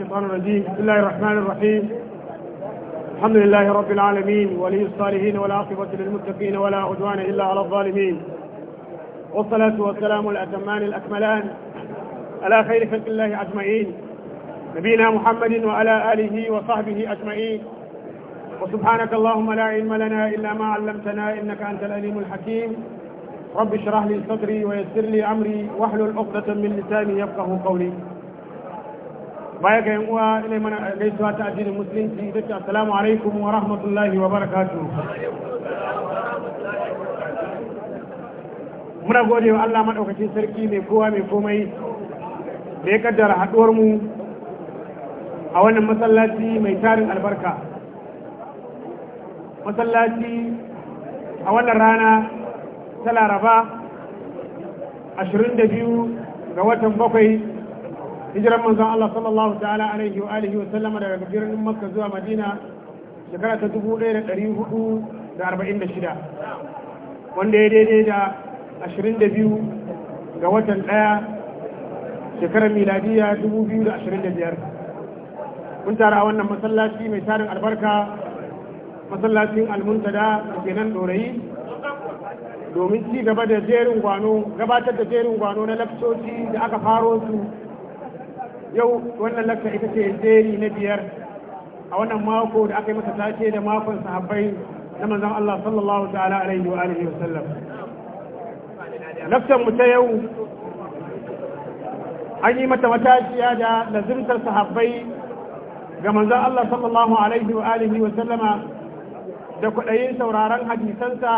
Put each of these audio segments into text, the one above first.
الشيطان الرجيم بسم الله الرحمن الرحيم الحمد لله رب العالمين ولي الصالحين والعاقبة للمتقين ولا عدوان إلا على الظالمين والصلاة والسلام الأتمان الأكملان على خير خلق الله أجمعين نبينا محمد وعلى آله وصحبه أجمعين وسبحانك اللهم لا علم لنا إلا ما علمتنا إنك أنت الأليم الحكيم رب اشرح لي صدري ويسر لي أمري واحلل عقدة من لساني يفقه قولي baya ga uwa ina mana gaisuwa ta addinin musulunci da ke assalamu alaikum wa rahmatullahi wa barakatu muna gode wa Allah maɗaukacin sarki mai kowa mai komai da ya kaddara haɗuwar mu a wannan masallaci mai tarin albarka masallaci a wannan rana ta laraba 22 ga watan bakwai hijiran manzon Allah sallallahu ta'ala alaihi wa alihi wa sallama daga birnin Makka zuwa Madina shekara ta 1446 wanda ya daidai da 22 ga watan ɗaya shekarar miladiya 2025 mun tara a wannan masallaci mai tarin albarka masallacin almuntada da ke nan ɗorayi domin ci gaba da jerin gwano gabatar da jerin gwano na lafcoci da aka faro su yau wannan lakta ita ce jeri na biyar a wannan mako da aka yi masa tace da makon sahabbai na manzon Allah sallallahu ta'ala alaihi wa alihi wa sallam laktar mu ta yau an yi mata matashiya da lazimtar sahabbai ga manzon Allah sallallahu alaihi wa alihi wa sallama da kwaɗayin sauraron hadisansa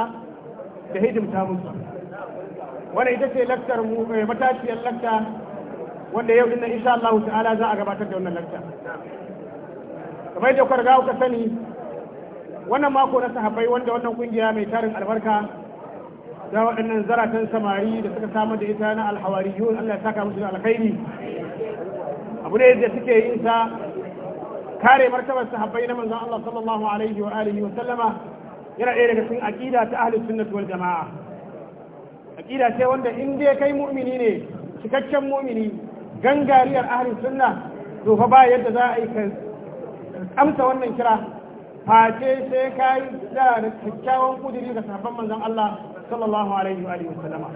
da hidimta musu wannan ita ce laktar mu eh, matashiyar lakta wanda yau dinnan insha Allah ta'ala za a gabatar da wannan lakta kamar yadda kuka riga kuka sani wannan mako na sahabbai wanda wannan kungiya mai tarin albarka da waɗannan zaratan samari da suka samar da ita na alhawariyun Allah ya saka musu da alkhairi abu ne da suke yin sa kare martabar sahabbai na manzon Allah sallallahu alaihi wa alihi wa sallama yana ɗaya daga cikin aqida ta ahli sunnah wal jamaa aqida ce wanda in dai kai mu'mini ne cikakken mu'mini gangariyar ahlus sunna to fa ba yadda za a yi ka amsa wannan kira face sai ka yi da kyakkyawan kudiri ga sahabban manzon Allah sallallahu alaihi wa sallama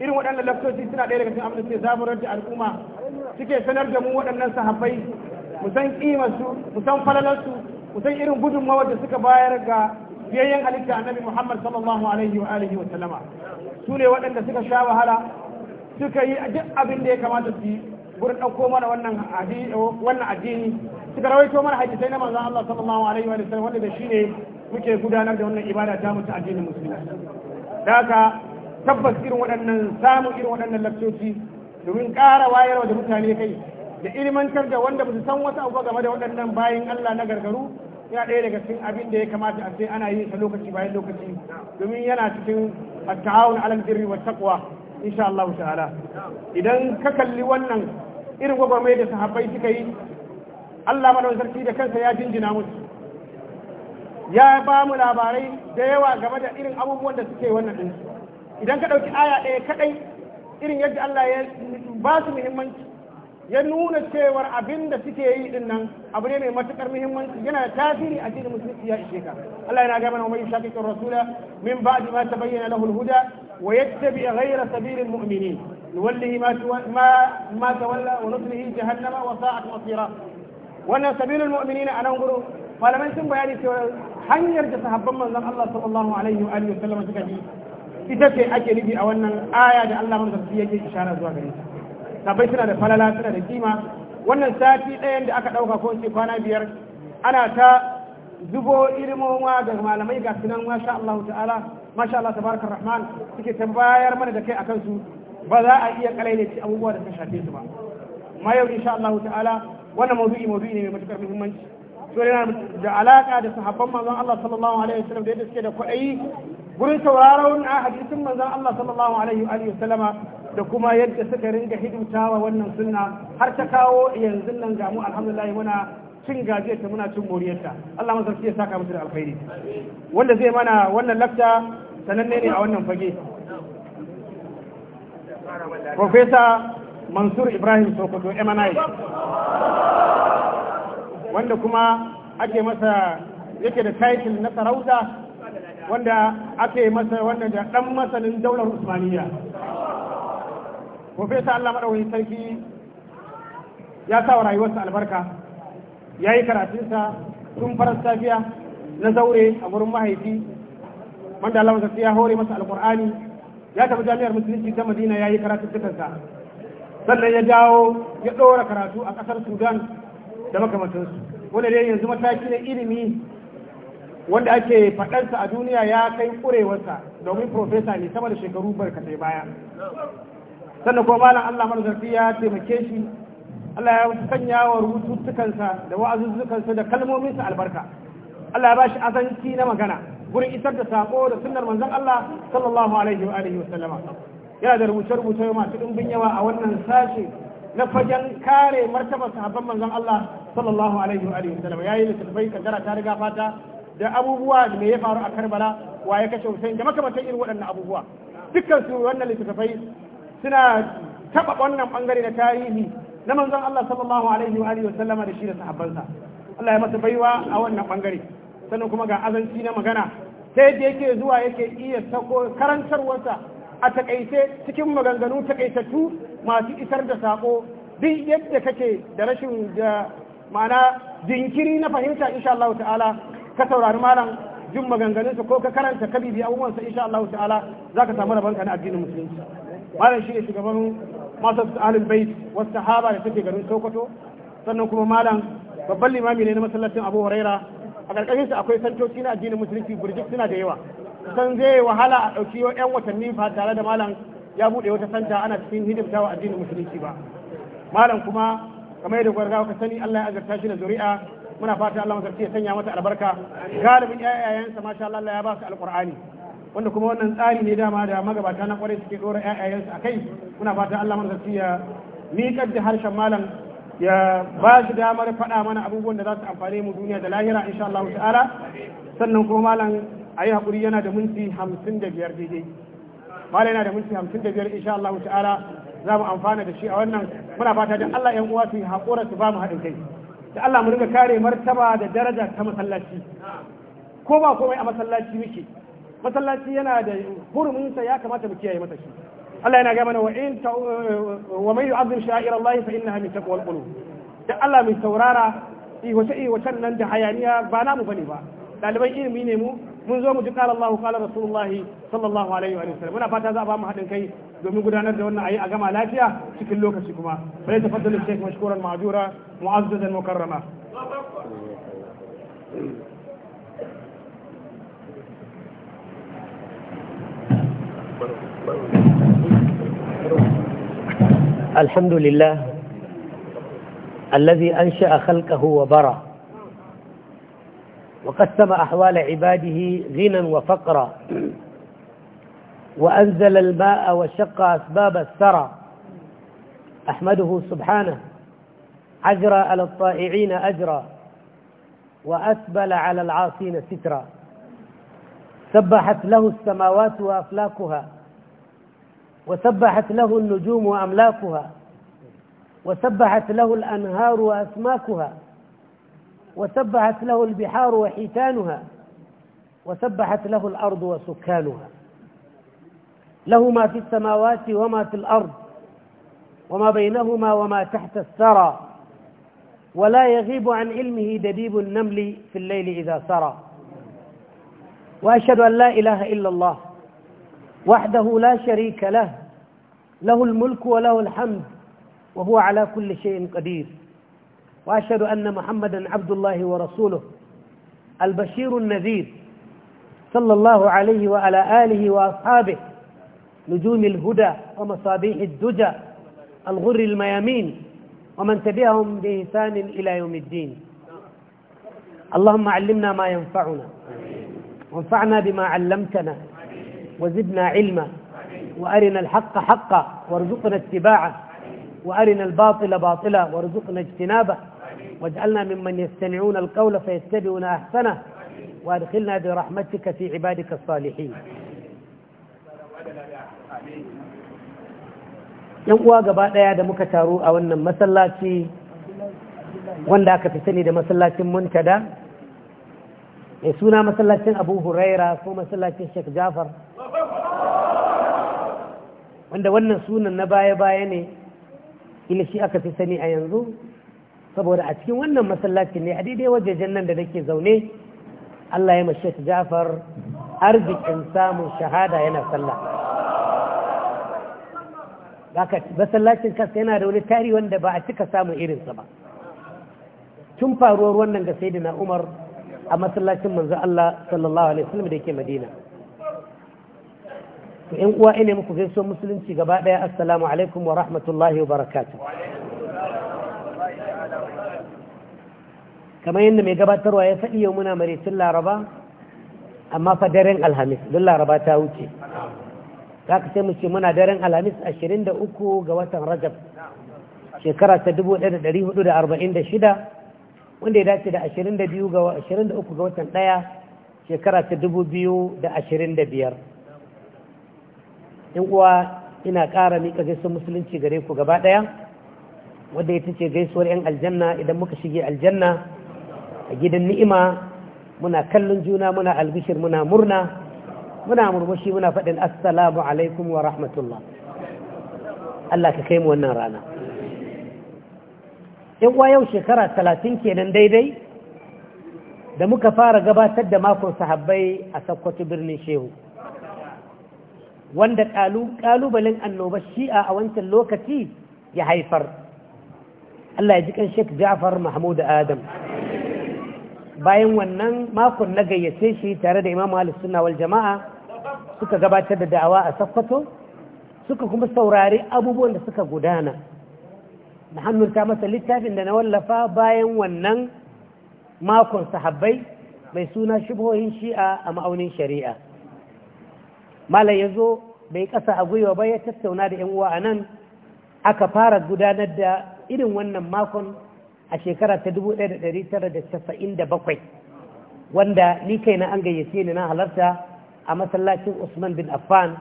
irin waɗannan laftoci suna ɗaya daga cikin abin da ke zaburar da al'umma suke sanar da mu waɗannan sahabbai mu san kimarsu mu san falalarsu mu san irin gudunmawar da suka bayar ga biyayyen halitta annabi Muhammad sallallahu alaihi wa sallama su ne waɗanda suka sha wahala suka yi duk abin da ya kamata su yi gurin ɗauko mana wannan addini suka rawaito mana sai na manzon Allah sallallahu alaihi wa sallam wanda da shi ne muke gudanar da wannan ibada ta mutu addinin musulmi da haka tabbas irin waɗannan samun irin waɗannan lakcoci domin ƙara wayarwa da mutane kai da ilimantar da wanda musu san wasu abubuwa game da waɗannan bayan Allah na gargaru ya ɗaya daga cikin abin da ya kamata a sai ana yin sa lokaci bayan lokaci domin yana cikin at-ta'awun alal birri wa taqwa insha Allah ta'ala idan ka kalli wannan irin gwagwarmai da sahabbai suka yi Allah madawar sarki da kansa ya jinjina musu ya ba mu labarai da yawa game da irin abubuwan da suke wannan din idan ka ɗauki aya ɗaya kaɗai irin yadda Allah ya ba su muhimmanci ya nuna cewar abin da suke yi din nan abu ne mai matukar muhimmanci yana da tasiri a cikin musulunci ya ishe ka Allah yana ga mana mai shakikin rasula min ba'di ma ta bayyana al-huda ويتبع غير سبيل المؤمنين نوله ما ما ما تولى ونصله جهنم وساءت مصيرا wannan sabilul mu'minina a nan gudu malamai sun bayani cewa hanyar da sahabban manzon Allah sallallahu alaihi wa alihi suka ita ce ake nufi a wannan aya da Allah mun tafi yake isharar zuwa gare ta suna da falala suna da kima wannan sati ɗayan da aka ɗauka ko ce kwana biyar ana ta zubo ilimowa daga malamai ga sunan masha Allah ta'ala masha Allah tabarakar rahman suke tambayar mana da kai akan su ba za a iya kalailaci abubuwa da ta shafe su ba ma yau insha Allah ta'ala wannan mawdu'i mawdu'i ne mai matukar muhimmanci to yana da alaka da sahabban manzon Allah sallallahu alaihi wasallam da yadda suke da kwaɗayi gurin sauraron a hadisin manzon Allah sallallahu alaihi wa sallama da kuma yadda suka ringa hidimtawa wannan sunna har ta kawo yanzu nan ga mu alhamdulillah muna cin gaje ta muna cin moriyarta Allah masarki ya saka musu da alkhairi wanda zai mana wannan lafta sananne ne a wannan fage Profesa Mansur Ibrahim Sokoto MNI wanda kuma ake masa yake da title na sarauta wanda ake masa wanda da dan masanin daular Usmaniya Profesa Allah madawin sarki ya sa wa rayuwarsa albarka ya yi karatunsa tun farar safiya na zaure a wurin mahaifi wanda Allah masa ya hore masa alkur'ani ya tafi jami'ar musulunci ta madina ya yi karatuttukansa sannan ya dawo ya ɗora karatu a ƙasar sudan da makamantansu wanda dai yanzu mataki na ilimi wanda ake faɗansa a duniya ya kai ƙurewarsa domin profesa ne sama da shekaru barkatai baya sannan kuma malam Allah mana zarfi ya taimake shi Allah ya sanya wa rubututtukansa da wa'azuzzukansa da kalmominsa albarka Allah ya bashi azanci na magana gurin isar da sako da sunnar manzon Allah sallallahu alaihi wa alihi wa yana da rubuce-rubuce masu ɗumbin yawa a wannan sashe na fagen kare martaba sahabban manzon Allah sallallahu alaihi wa alihi wa sallama yayi littafai kaddara ta riga fata da abubuwa da me ya faru a Karbala wa ya kashe Hussein da makamantan irin waɗannan abubuwa dukkan su wannan littafai suna taɓa wannan bangare na tarihi na manzon Allah sallallahu alaihi wa alihi sallama da shi da sahabbansa Allah ya masa baiwa a wannan bangare sannan kuma ga azanci na magana ta yadda yake zuwa yake iya sako karantarwarsa a takaice cikin maganganu takaitattu masu isar da sako duk yadda kake da rashin da ma'ana jinkiri na fahimta insha Allah ta'ala ka saurari malam jin maganganunsa ko ka karanta kabibi abubuwansa insha Allah ta'ala zaka samu rabanka na addinin musulunci malam shi ne shugaban masu ahlul bai wasu sahaba da suke garin sokoto sannan kuma malam babban limami ne na masallacin abu huraira a ƙarƙashin su akwai santoci na addinin musulunci burjik suna da yawa san zai wahala a ɗauki yan watanni ba tare da malam ya buɗe wata santa ana cikin hidimtawa addinin musulunci ba malam kuma kamar yadda gwarga ka sani Allah ya azurta shi da zuri'a muna fata Allah mazarci ya sanya mata albarka galibin ƴaƴayensa masha Allah ya ba su alƙur'ani wanda kuma wannan tsari ne dama da magabata na kwarai suke dora ƴaƴayensu a kai muna fata Allah mana zafi ya miƙar da harshen malam ya ba shi damar faɗa mana abubuwan da za su amfane mu duniya da lahira insha Allah ta'ala sannan kuma malam ayi hakuri yana da minti hamsin da biyar daidai malam yana da minti hamsin da biyar insha Allah ta'ala za mu amfana da shi a wannan muna fata dan Allah ƴan uwa su haƙura su ba mu haɗin kai da Allah mu riga kare martaba da daraja ta masallaci ko ba komai a masallaci muke masallaci yana da hurumin ya kamata mu kiyaye mata shi Allah yana gaya mana wa in wa man yu'azzim sha'ir Allah fa innaha min taqwal qulub da Allah mai saurara i ihwacen nan da hayaniya ba mu bane ba ɗaliban ilimi ne mu mun zo mu ji kala Allahu kala Rasulullah sallallahu alaihi wa sallam muna fata za a ba mu haɗin kai domin gudanar da wannan ayi a gama lafiya cikin lokaci kuma bari ta fadalin Sheikh mashkuran ma'jura mu'azzadan mukarrama الحمد لله الذي أنشأ خلقه وبرى وقسم أحوال عباده غنى وفقرا وأنزل الماء وشق أسباب الثرى أحمده سبحانه أجرى على الطائعين أجرى وأسبل على العاصين سترا سبحت له السماوات وأفلاكها وسبحت له النجوم وأملاكها وسبحت له الأنهار وأسماكها وسبحت له البحار وحيتانها وسبحت له الأرض وسكانها له ما في السماوات وما في الأرض وما بينهما وما تحت الثرى ولا يغيب عن علمه دبيب النمل في الليل إذا سرى وأشهد أن لا إله إلا الله وحده لا شريك له له الملك وله الحمد وهو على كل شيء قدير وأشهد أن محمدا عبد الله ورسوله البشير النذير صلى الله عليه وعلى آله وأصحابه نجوم الهدى ومصابيح الدجى الغر الميامين ومن تبعهم بإحسان إلى يوم الدين اللهم علمنا ما ينفعنا وانفعنا بما علمتنا وزدنا علما وأرنا الحق حقا وارزقنا اتباعه وأرنا الباطل باطلا وارزقنا اجتنابه واجعلنا ممن يستمعون القول فيتبعون أحسنه وادخلنا برحمتك في عبادك الصالحين yan uwa gaba ɗaya da muka taru a wannan masallaci wanda aka fi sani da masallacin muntada mai eh, suna masallacin abu huraira ko masallacin sheikh jafar wanda wannan sunan na baya-baya ne shi aka fi sani a yanzu saboda a cikin wannan masallacin ne a daidai wajejen nan da nake zaune allah ya ma sheikh jafar arzikin samun shahada yana sallah haka masallacin kasa yana da wani tari wanda ba a cika samun irinsa ba tun faruwar wannan ga sai umar a masallacin manzo Allah sallallahu alaihi wasallam da yake Madina to in uwa ina muku gaisuwar musulunci gaba daya assalamu alaikum wa rahmatullahi wa barakatuh kamar yadda mai gabatarwa ya faɗi yau muna maraicin laraba amma fa daren alhamis don laraba ta wuce za ka sai mu ce muna daren alhamis 23 ga watan rajab shekara ta 1446 wanda ya dace da 22 ga 23 ga watan ɗaya shekara ta ashirin 2025 in uwa ina ƙara miƙa gaisuwar musulunci gare ku gaba ɗaya wadda ya tace gaisuwar 'yan aljanna idan muka shige aljanna a gidan ni'ima muna kallon juna muna albishir muna murna muna murmushi muna faɗin assalamu alaikum wa rahmatullah Allah ka kai mu wannan rana uwa yau shekara talatin kenan daidai da muka fara gabatar da makon sahabbai a sakkwato birnin shehu wanda ƙalubalen annoba shi'a a wancan lokaci ya haifar Allah ya ji kan Sheikh Ja'far Mahmud Adam bayan wannan makon na gayyace shi tare da Imam Ahlus Sunna wal Jama'a suka gabatar da da'awa a Sokoto suka kuma saurari abubuwan da suka gudana na hannunta masa littafin da na wallafa bayan wannan makon sahabbai mai suna shubhohin shi'a a ma'aunin shari'a malam ya zo bai kasa a gwiwa ba ya tattauna da 'yan uwa a nan aka fara gudanar da irin wannan makon a shekara ta 1997 wanda ni kaina an gayyace ni na halarta a masallacin Usman bin Affan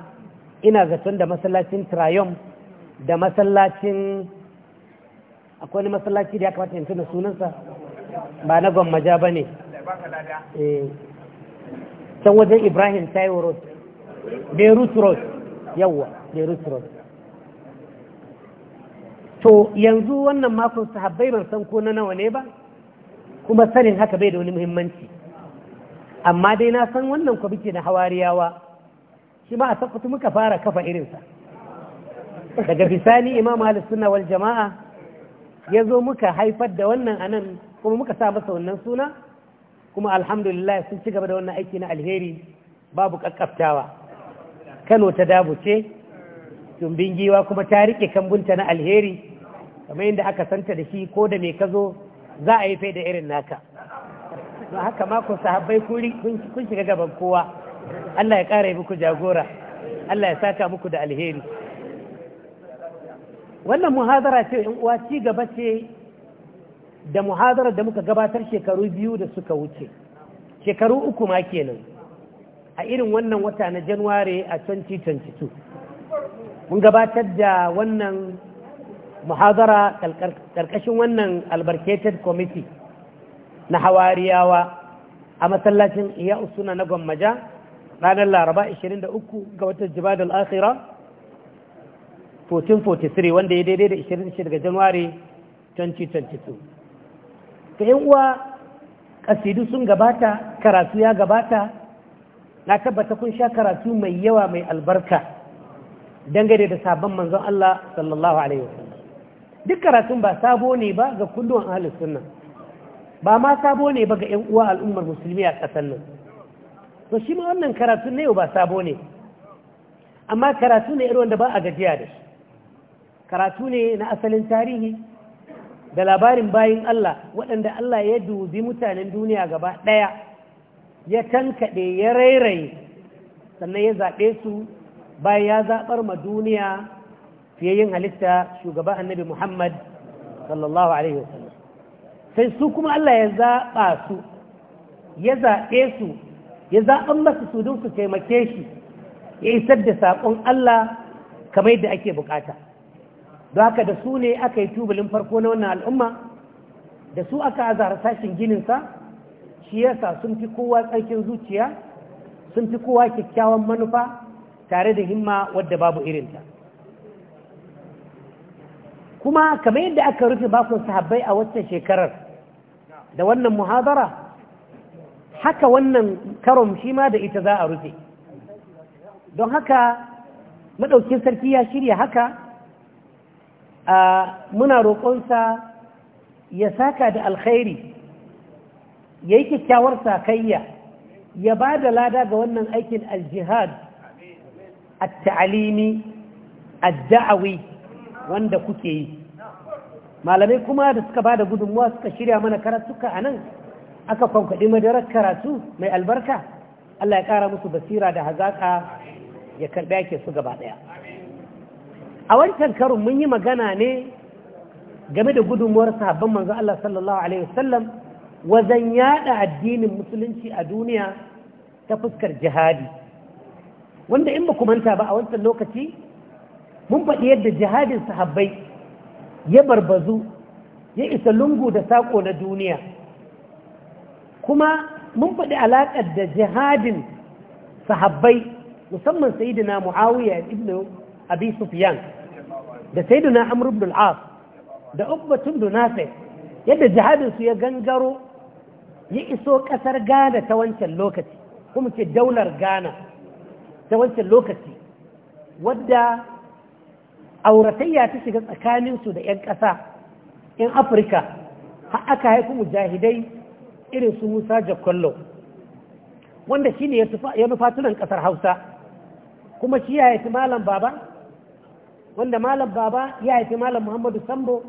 ina zaton da masallacin Trayom da masallacin akwai wani masallaci da ya kamata yanzu da sunansa ba na gwammaja ba ne eh. can wajen ibrahim taiwo road beirut road yawwa beirut road to yanzu wannan makon sahabbai ban san ko na nawa ne ba kuma sanin haka bai da wani muhimmanci amma dai na san wannan kwamiti na hawariyawa shi ma a tabbata muka fara kafa irinsa daga bisani imam alisunawar jama'a ya zo muka haifar da wannan anan kuma muka sa masa wannan suna kuma alhamdulillah sun ci gaba da wannan aiki na alheri babu kakkaftawa kano ta dabuce tumbin giwa kuma ta rike kambunta na alheri kamar yadda aka santa da shi ko da me ka zo za a yi fai da irin naka don haka makon sahabbai kun shiga gaban kowa Allah ya ƙara yi muku jagora Allah ya saka muku da alheri wannan muhadara ce in uwa ci gaba ce da muhadarar da muka gabatar shekaru biyu da suka wuce shekaru uku ma kenan a irin wannan wata na januware a 2022 mun gabatar da wannan muhadara karkashin wannan albarkated committee na hawariyawa a masallacin iya usuna na gwammaja ranar laraba 23 ga watan jibadul akhira 1443 wanda ya daidai da 26 ga januwari 2022 ta yan uwa kasidu sun gabata karatu ya gabata na tabbata kun sha karatu mai yawa mai albarka dangane da sabon manzon Allah sallallahu alaihi wasallam duk karatun ba sabo ne ba ga kullum ahlus sunna ba ma sabo ne ba ga yan uwa al'ummar musulmi a ƙasar nan to shi ma wannan karatun na yau ba sabo ne amma karatu ne irin wanda ba a gajiya da shi karatu ne na asalin tarihi da labarin bayin Allah waɗanda Allah ya dubi mutanen duniya gaba ɗaya ya tankaɗe ya rairaye sannan ya zaɓe su bayan ya zaɓar ma duniya fiye yin halitta shugaba annabi Muhammad sallallahu Alaihi wasallam sai su kuma Allah ya zaɓa su ya zaɓe su ya zaɓan masu su don su taimake shi ya isar da saƙon Allah kamar yadda ake bukata. don haka da su ne aka yi tubalin farko na wannan al'umma da su aka azara sashin gininsa shi yasa sun fi kowa tsarkin zuciya sun fi kowa kyakkyawan manufa tare da himma wadda babu irinta kuma kamar yadda aka rufe bakon sahabbai a waccan shekarar da wannan muhadara haka wannan karon shi ma da ita za a rufe don haka madaukin sarki ya shirya haka muna roƙonsa ya saka da alkhairi ya yi kyakkyawar sakayya ya ba da lada ga wannan aikin aljihad a ta'alimi a da'awi wanda kuke yi malamai kuma da suka ba da gudunmuwa suka shirya mana karatuka a nan aka kwankwaɗi madarar karatu mai albarka Allah ya kara musu basira da hazaƙa ya karɓi ake su gaba ɗaya a wancan karin mun yi magana ne game da gudunmuwar sahabban manzo Allah sallallahu alaihi wasallam wajen yada addinin musulunci a duniya ta fuskar jihadi wanda in ba manta ba a wancan lokaci mun faɗi yadda jihadin sahabbai ya barbazu ya isa lungu da saƙo na duniya kuma mun faɗi alaƙar da jihadin sahabbai musamman sayidina muawiya ibn abi sufyan da sayyiduna amr ibn al-as da ubbatun da yadda jihadin su ya gangaro ya iso kasar Ghana ta wancan lokaci kuma ce daular Ghana ta wancan lokaci wadda auratayya ta shiga tsakaninsu da 'yan ƙasa in afirka har aka haifi mujahidai irin su musa jakwallo wanda shi ne ya nufa tunan ƙasar hausa kuma shi ya haifi malam baba wanda malam baba ya haifi malam muhammadu sambo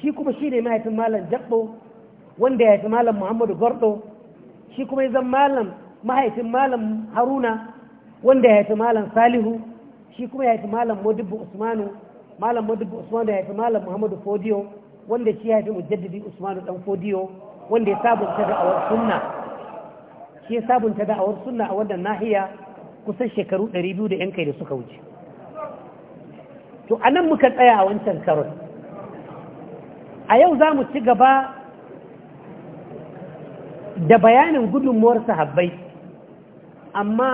shi kuma shi ne mahaifin malam jabbo wanda ya haifi malam muhammadu gordo shi kuma ya zan malam mahaifin malam haruna wanda ya haifi malam salihu shi kuma ya haifi malam modibu usmanu malam modibu usmanu ya haifi malam muhammadu fodiyo wanda shi ya haifi mujaddidi usmanu dan fodiyo wanda ya sabunta da'awar sunna shi ya sabunta da'awar sunna a wannan nahiya kusan shekaru 200 da yan kai da suka wuce to a nan muka tsaya a wancan karon a yau za mu ci gaba da bayanin gudunmuwar sahabbai amma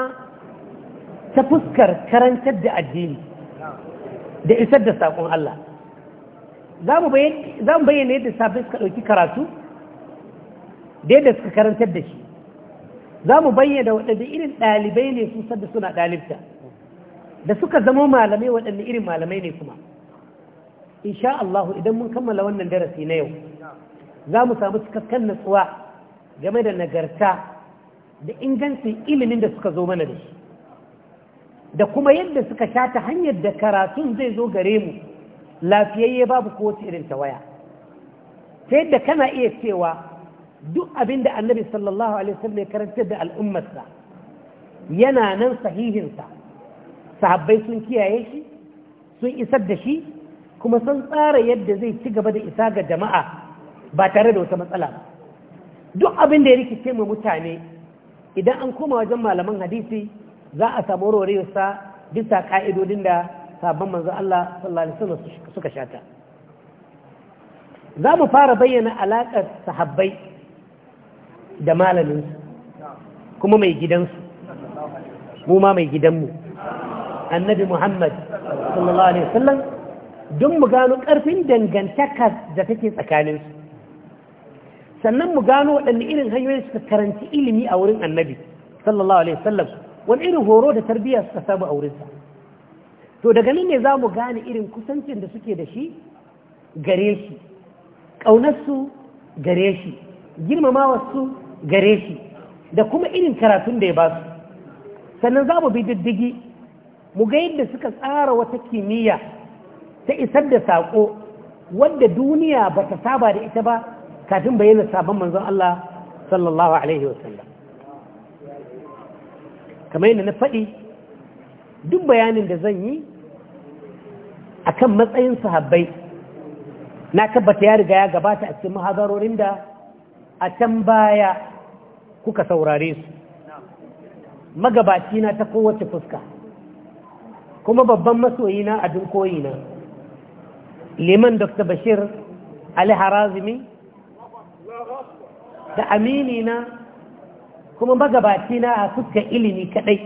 ta fuskar karantar da addini da isar da saƙon Allah za mu bayyana yadda sabbin suka ɗauki karatu da yadda suka karantar da shi za mu bayyana waɗanda irin ɗalibai ne su sadda suna ɗalibta da suka zama malamai waɗanne irin malamai ne kuma insha Allah idan mun kammala wannan darasi na yau za mu samu cikakken natsuwa game da nagarta da ingancin ilimin da suka zo mana da shi da kuma yadda suka shata hanyar da karatun zai zo gare mu lafiyayye babu kowace irin tawaya ta yadda kana iya cewa duk abin da annabi sallallahu alaihi wasallam ya karantar da al'ummarsa yana nan sahihinsa sahabbai sun kiyaye shi sun isar da shi kuma sun tsara yadda zai ci gaba da isa ga jama'a ba tare da wata matsala ba duk abin da ya rikice mu mutane idan an koma wajen malaman hadisi za a samu rorewarsa bisa ka'idodin da sabon manzo Allah sallallahu alaihi wasallam suka shata za mu fara bayyana alaƙar sahabbai da malaminsu kuma mai gidansu mu ma mai gidanmu annabi Muhammad sallallahu alaihi wasallam don mu gano ƙarfin dangantaka da take tsakaninsu sannan mu gano waɗanne irin hanyoyi suka karanci ilimi a wurin annabi sallallahu alaihi wasallam wani irin horo da tarbiyya suka samu a wurinsa to daga nan ne za mu gane irin kusancin da suke da shi gare shi ƙaunarsu gare shi girmamawarsu gare shi da kuma irin karatun da ya ba su sannan za mu bi diddigi mu ga yadda suka tsara wata kimiyya ta isar da saƙo wadda duniya ba ta saba da ita ba kafin bayyana sabon manzon Allah sallallahu alaihi wasallam kamar yadda na faɗi duk bayanin da zan yi akan matsayin sahabbai na tabbata ya riga ya gabata a cikin mahadarorin da a can baya kuka saurare su magabaci na ta kowace fuska kuma babban masoyina abin koyina liman dr bashir ali harazimi da aminina kuma magabatina a fuskar ilimi kadai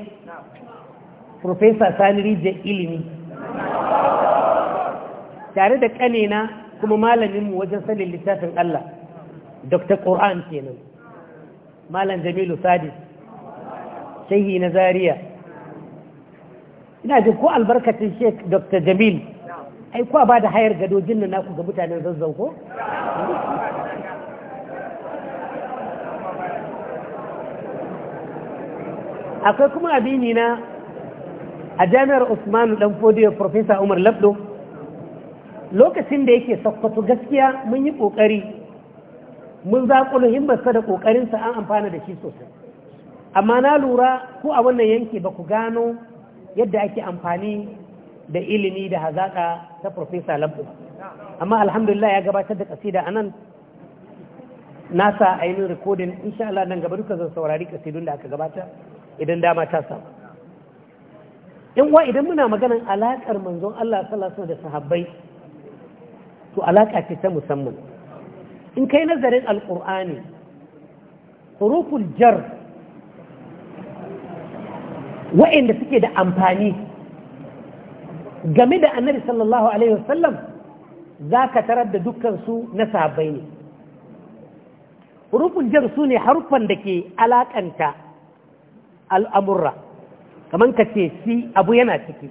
profesa sani rijiyar ilimi tare da kanina kuma malaminmu wajen sanin littafin Allah dr Qur'an kenan malam jamilu sadis shahi na zariya ina jin ko albarkacin sheik dr jamil ai kuwa ba da hayar gadojin na naku ga mutanen zazzau ko akwai kuma abini na a jami'ar usmanu dan fodiyo profesa umar labdo lokacin da yake sakkwato gaskiya mun yi kokari mun zaƙulu himmarsa da ƙoƙarinsa an amfana da shi sosai amma na lura ko a wannan yanki ba ku gano yadda ake amfani da ilimi da hazaƙa ta Profesa Lambo. Amma alhamdulillah ya gabatar da kasida a nan nasa ainihin rikodin insha Allah nan gaba duka zan saurari kasidun da aka gabata idan dama ta samu. In wa idan muna maganan alaƙar manzon Allah sallallahu da sahabbai to alaƙa ce ta musamman. In kai nazarin Alƙur'ani, huruful jar wa'inda suke da amfani game da annabi sallallahu alaihi wasallam za ka tarar da dukkansu na sabai ne rufin jar su ne harufan da ke alakanta al'amurra kamar ka ce si abu yana ciki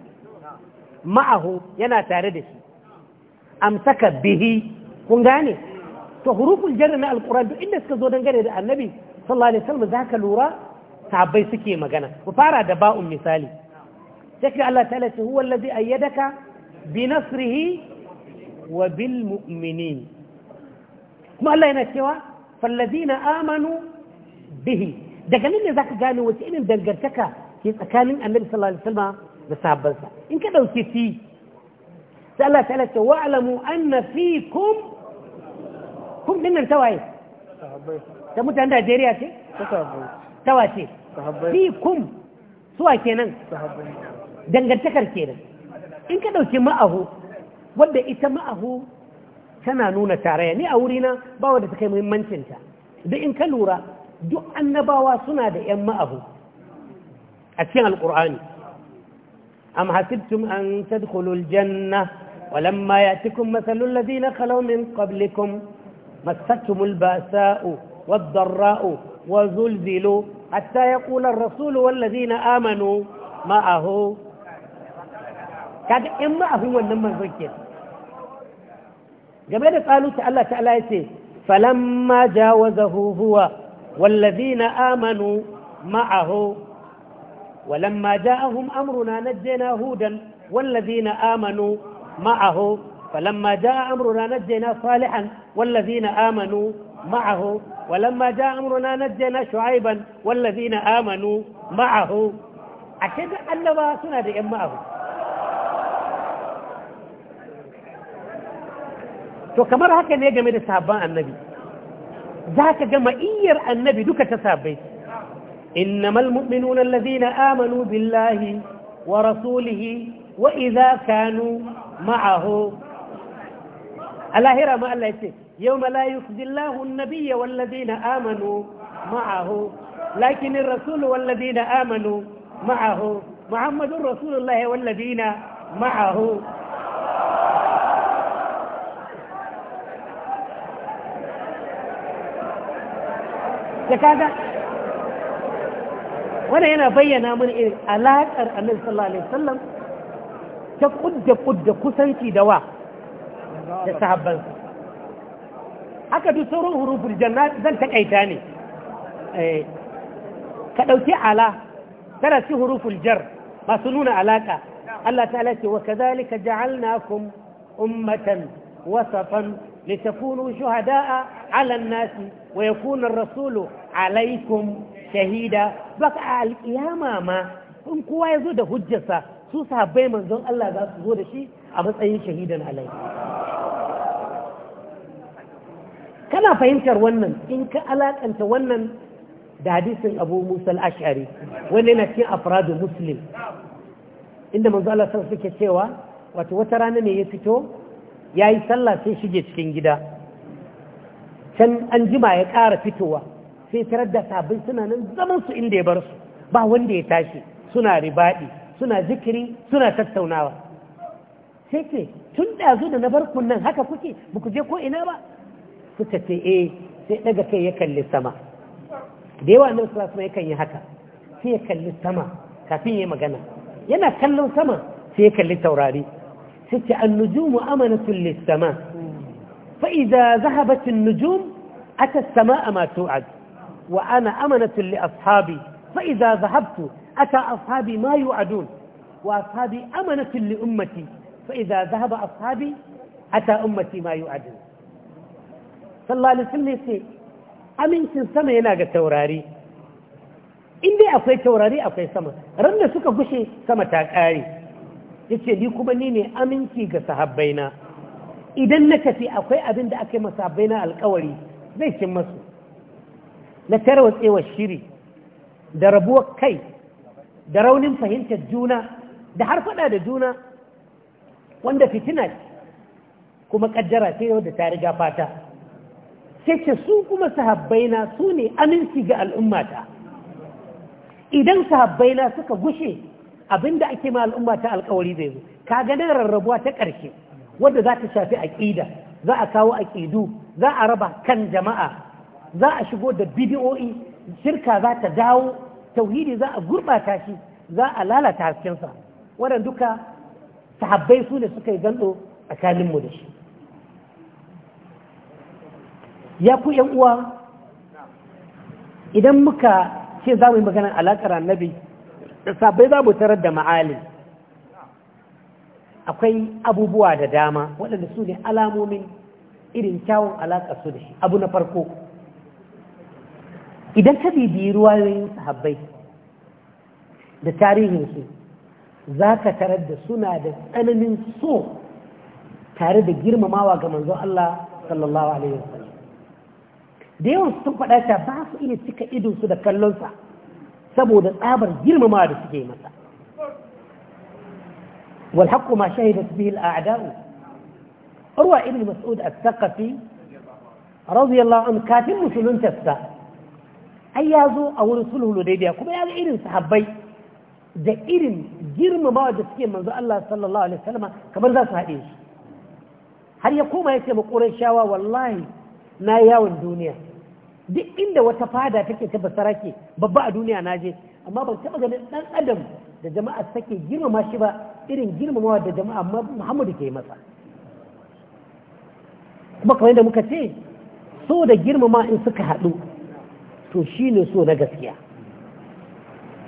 ma'ahu yana tare da shi amsaka bihi kun gane to hurufin jar na alquran duk inda suka zo dangane da annabi sallallahu alaihi wasallam zaka lura sabai suke magana ku fara da ba'un misali shakki Allah ta'ala ce huwa allazi ayyadaka bi nasrihi wa bil mu'minin kuma Allah yana cewa fallazina amanu bihi daga nan ne zaka gane wace irin dangantaka ke tsakanin Annabi sallallahu alaihi wasallam da sahabbansa in ka dauke fi sai Allah ta'ala ce wa'lamu anna fikum kun dinnan tawaye da mutanen Najeriya ce ta sahabbai تواسي فيكم سواء كنا إن كدو كما أهو وده إتما أهو كنا أورينا باوة تكي مهمان سنتا ده إن كالورا دو أن باوة سنا ده أم حسبتم أن تدخلوا الجنة ولما يأتكم مثل الذين خلوا من قبلكم مستهم البأساء والضراء وزلزلوا حتى يقول الرسول والذين آمنوا معه kaga in ma abin wannan manzon ke game da tsaluta Allah ta'ala ya ce falamma jawazahu huwa wallazina amanu ma'ahu walamma ja'ahum amruna najjayna hudan wallazina amanu ma'ahu falamma ja'a amruna amanu ولما جاء أمرنا نجينا شعيبا والذين آمنوا معه أكيد أن ما سنادي إمه فكما رأيك أن يجمع صحابة النبي ذاك جمعير النبي دوك تصابي إنما المؤمنون الذين آمنوا بالله ورسوله وإذا كانوا معه الله يرى ما الله يسير يوم لا يخزي الله النبي والذين آمنوا معه لكن الرسول والذين آمنوا معه محمد رسول الله والذين معه وانا هنا بينا من علاقه النبي صلى الله عليه وسلم تقد قد قسنتي دواء لصحابته haka duk sauran hurufin janna zan takaita ne eh, ka ɗauki ala tana ci hurufin jar masu nuna alaƙa Allah ta ce wa kazalika ja'alnakum ummatan wasafan litakunu shuhada'a 'ala nasi wa ya ar-rasulu alaikum shahida baka al alƙiyama ma in kowa zo da hujjarsa su sahabbai manzon Allah za su zo da shi a matsayin shahidan alai kana fahimtar wannan in ka alakanta wannan da hadisin abu musa al'ashari wanda yana cikin afradu muslim inda manzo Allah sun suke cewa wato wata rana ne ya fito ya yi sallah sai shige cikin gida can an jima ya ƙara fitowa sai tarar da sabbin suna nan zaman su inda ya bar su ba wanda ya tashi suna ribaɗi suna zikiri suna tattaunawa sai ce tun ɗazu da na bar nan haka kuke ba ku je ko ina ba suka ce eh sai daga kai ya kalli sama da yawa nan sulasuma yakan yi haka sai ya kalli sama kafin ya magana yana kallon sama sai ya kalli taurari sai ce an nujumu amanatun lissama fa'iza zahabatun nujum ata sama a matu'ad wa ana amanatun li ashabi fa'iza zahabtu ata ashabi ma yu'adun wa ashabi amanatun li ummati fa'iza zahaba ashabi ata ummati ma yu'adun sallallahu alaihi ce amincin sama yana ga taurari in akwai taurari akwai sama ran da suka gushe sama ta ƙare yace ni kuma ni ne aminci ga sahabbaina idan na tafi akwai abin da aka yi masa na alƙawari zai cin masu na tarwatsewar shiri da rabuwar kai da raunin fahimtar juna da har faɗa da juna wanda fitina kuma ƙaddara ce wadda ta riga fata sai ce su kuma sahabbaina su ne aminci ga al'ummata idan sahabbaina suka gushe abinda ake ma al'ummata alkawari zai zo ka ganin rarrabuwa ta ƙarshe wadda za ta shafi aƙida za a kawo aƙidu za a raba kan jama'a za a shigo da bidiyo'i shirka za ta dawo tauhidi za a gurɓata shi za a lalata sa waɗanda duka sahabbai su ne suka yi gando tsakaninmu da shi ya ku ‘yan uwa idan muka ce za mu yi maganar alaƙar annabi sabai za mu tarar da ma'alin akwai abubuwa da dama waɗanda su ne alamomin irin kyawun alaƙar su da shi abu na farko idan ka bibiyi ruwayoyin sahabbai da tarihinsu za ka tarar da suna da tsananin so tare da girmamawa ga manzo Allah sallallahu Alaihi wasallam da yawan sun faɗa ta ba su iya cika idonsu da kallonsa saboda tsabar girmama da suke masa wal haqqu ma shahidat bihi al a'da'u urwa ibn mas'ud al-thaqafi radiyallahu kafin musulun tasta ai ya zo a wurin sulhul hudaybiya kuma ya ga irin sahabbai da irin girmama da suke manzo Allah sallallahu alaihi wasallam kamar za su haɗe shi har ya koma ya ce ma shawa wallahi na yawon duniya duk inda wata fada take ta basarake babba a duniya na je amma ban taɓa ganin ɗan adam da jama'a take girmama shi ba irin girmamawa da jama'a muhammadu ke masa kuma kamar yadda muka ce so da girmama in suka haɗu to shi ne so na gaskiya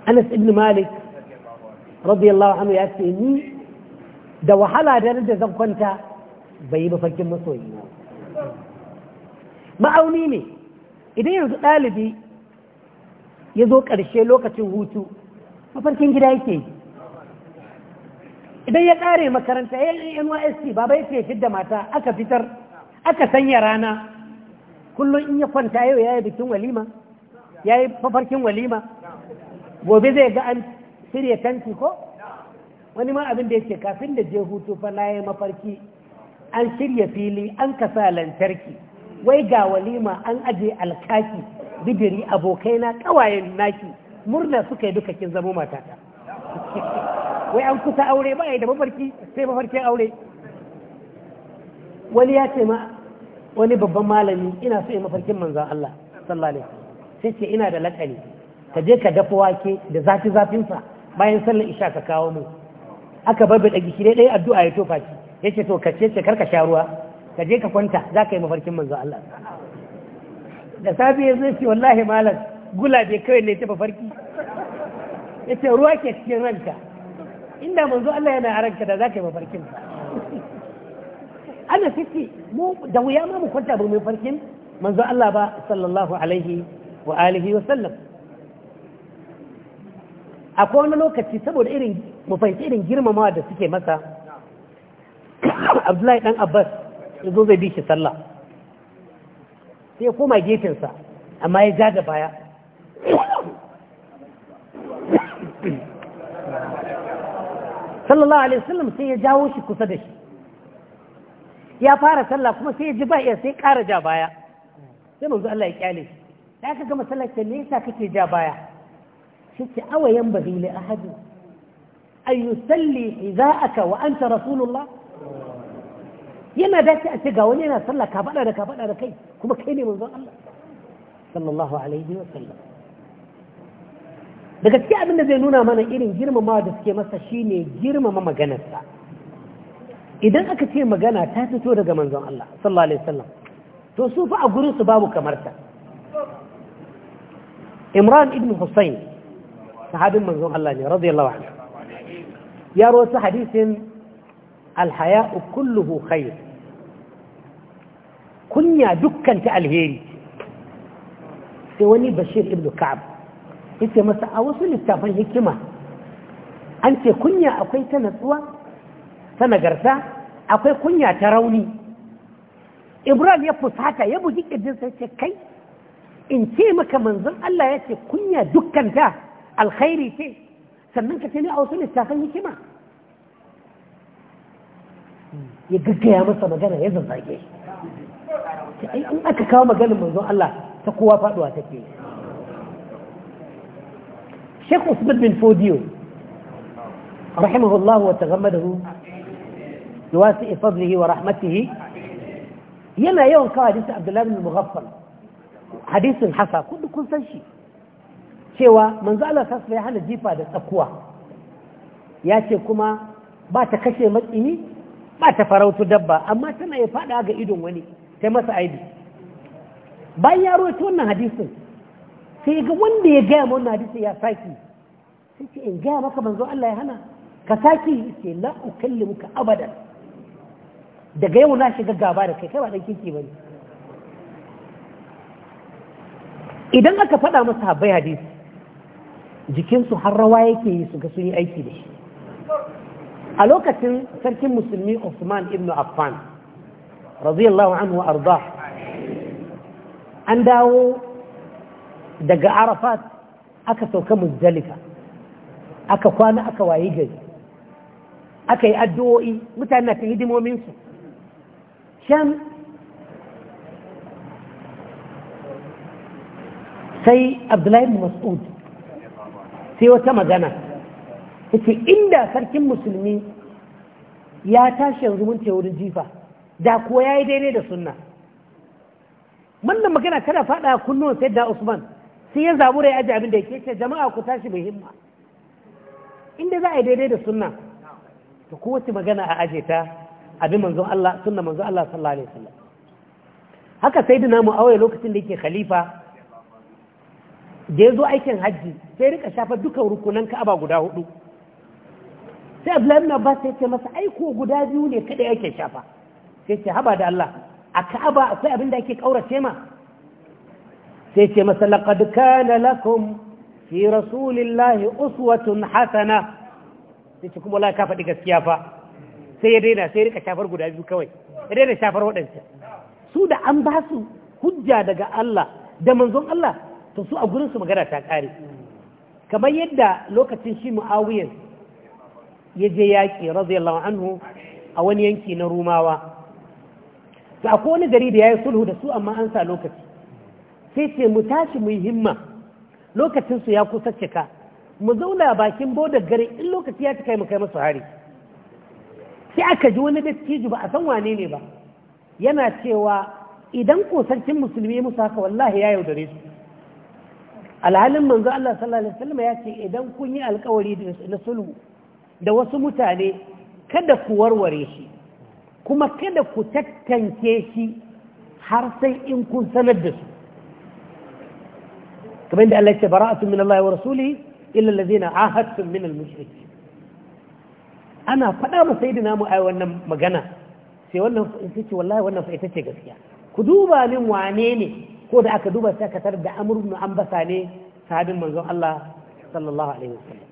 anas ibn malik radiyallahu anhu ya ce ni da wahala da da zan kwanta bai yi fakin masoyi na ma'auni ne idan yanzu ɗalibi ya zo ƙarshe lokacin hutu mafarkin gida yake idan ya ƙare makaranta ya nysc baba ya ce da mata aka fitar aka sanya rana kullum in ya kwanta yau ya yi bikin walima ya yi mafarkin walima gobe zai ga an shirya tanki ko wani ma abin da yake kafin da je hutu fa na yi mafarki an shirya fili an kasa lantarki wai ga walima an aje alkaki bidiri abokaina kawayen naki murna suka yi duka kin zamo matata wai an kusa aure ba yi da mafarki sai mafarkin aure wani ya ce ma wani babban malami ina so yi mafarkin manzan Allah sallallahu alaihi sai ce ina da lakari ka je ka dafa wake da zafi zafinsa bayan sallar isha ka kawo mu aka babbe da gishire ɗaya addu'a ya tofa ki yace to kace ce karka sha ruwa ka je ka kwanta za ka yi mafarkin manzo Allah da safi ya zai ce wallahi malam bai kawai ne ta mafarki ya ce ruwa ke cikin ranka inda manzo Allah yana a ranka da za ka yi mafarkin ana sisi mu da wuya ma mu kwanta ba mai mafarkin manzo Allah ba sallallahu alaihi wa alihi wa sallam akwai wani lokaci saboda irin mu fahimci irin girmamawa da suke masa Abdullahi dan Abbas ya zo zai bi shi sallah sai ya koma gefensa amma ya ja baya sallallahu alaihi wasallam sai ya jawo shi kusa da shi ya fara sallah kuma sai ya ji ba iya sai ƙara ja baya sai manzo Allah ya kyale shi da aka gama sallar ta me yasa kake ja baya shi ce awayan baghi li ahad ay yusalli idha'aka wa anta rasulullah yana dace a ce ga wani yana sallah ka faɗa da ka faɗa da kai kuma kai ne manzon Allah sallallahu alaihi wa sallam daga cikin abin da zai nuna mana irin girmamawa da suke masa shine girmama maganarsa idan aka ce magana ta fito daga manzon Allah sallallahu alaihi wasallam to su fa a gurin su babu kamar ta Imran ibn Hussein sahabin manzon Allah ne radiyallahu anhu ya rawaita hadisin al-haya'u kulluhu khair kunya dukkan ta alheri sai wani bashir ibn ka'ab yace masa a wasu littafan hikima an ce kunya akwai ta natsuwa ta nagarta akwai kunya ta rauni ibrahim ya fusata ya bugi kirjin sai ce kai in ce maka manzon Allah ya ce kunya dukkan ta alkhairi ce sannan ka ce ni a wasu littafan hikima ya gaggaya masa magana ya zazzage shi in aka kawo maganin manzon Allah ta kowa faduwa ke Sheikh Usman bin Fodiyo rahimahullahu wa taghammadahu yuwasi fadlihi wa rahmatihi yana yawan kawo hadisin Abdullahi bin Mughaffal hadisin hasa kudu kun san shi cewa manzo Allah sassa ya hana jifa da tsakuwa ya ce kuma ba ta kashe matsini ba ta farautu dabba amma tana ya fada ga idon wani sai masa aibi bayan ya wannan hadisin sai ga wanda ya gaya wannan hadisin ya saki sai ce in gaya maka manzo Allah ya hana ka saki ce la ukallimuka abadan daga yau na shiga gaba da kai kai ba dan kinki bane idan aka faɗa masa habbai hadisi jikinsu har rawa yake yi su ga sun yi aiki da shi a lokacin sarkin musulmi Usman ibn Affan رضي الله عنه وأرضاه عنده دق عرفات أكا توكا مزدلفة أكا كوانا أكا وايجي أكا يأدوئي متى أنا تهدم ومنسو شام سي عبد الله بن مسعود سي وتما جنا إن دا سركن مسلمين يا تاشي ورمونتي ورجيفه da kuwa ya yi daidai da sunna wannan magana kada faɗa kunnuwan sai da usman sai ya zabu rai aji abin da yake ce jama'a ku tashi muhimma inda za a yi daidai da sunna to kowace magana a aje ta abin manzo Allah sunna manzo Allah sallallahu alaihi wasallam haka sai dina mu awaye lokacin da yake khalifa da ya zo aikin hajji sai rika shafa dukan rukunan ka'aba guda hudu sai Abdullahi bin Abbas ya ce masa aiko guda biyu ne kada yake shafa sai ce haba da Allah a ka'aba akwai abin da ake kaurace ma sai ce masa laqad kana lakum fi rasulillahi uswatun hasana sai ce kuma la ka faɗi gaskiya fa sai ya daina sai rika shafar guda biyu kawai ya daina shafar waɗancan su da an ba su hujja daga Allah da manzon Allah to su a gurin su magana ta kare kamar yadda lokacin shi mu'awiyan ya je yaƙi radiyallahu anhu a wani yanki na rumawa to akwai wani gari da ya yi sulhu da su amma an sa lokaci sai ce mu tashi mu yi himma lokacinsu ya kusa cika mu zauna bakin bodar gari in lokaci ya cika mu kai masu hari sai aka ji wani dattijo ba a san wane ne ba yana cewa idan kusancin musulmi musulmi musu haka wallahi ya yaudare su alhalin manzo Allah sallallahu alaihi wasallam ya ce idan kun yi alkawari na sulhu da wasu mutane kada ku warware shi kuma kada ku tattanke shi har sai in kun sanar da su kamar yadda Allah ya ce bara'atun min Allah wa rasuli, illa allazina ahadtum min al-mushriki ana faɗa ma sayyidina mu ai wannan magana sai wannan ita ce wallahi wannan fa ita ce gaskiya ku duba min wane ne ko da aka duba sai ka tarar da amr ibn ambasa ne sahabin manzon Allah sallallahu alaihi wasallam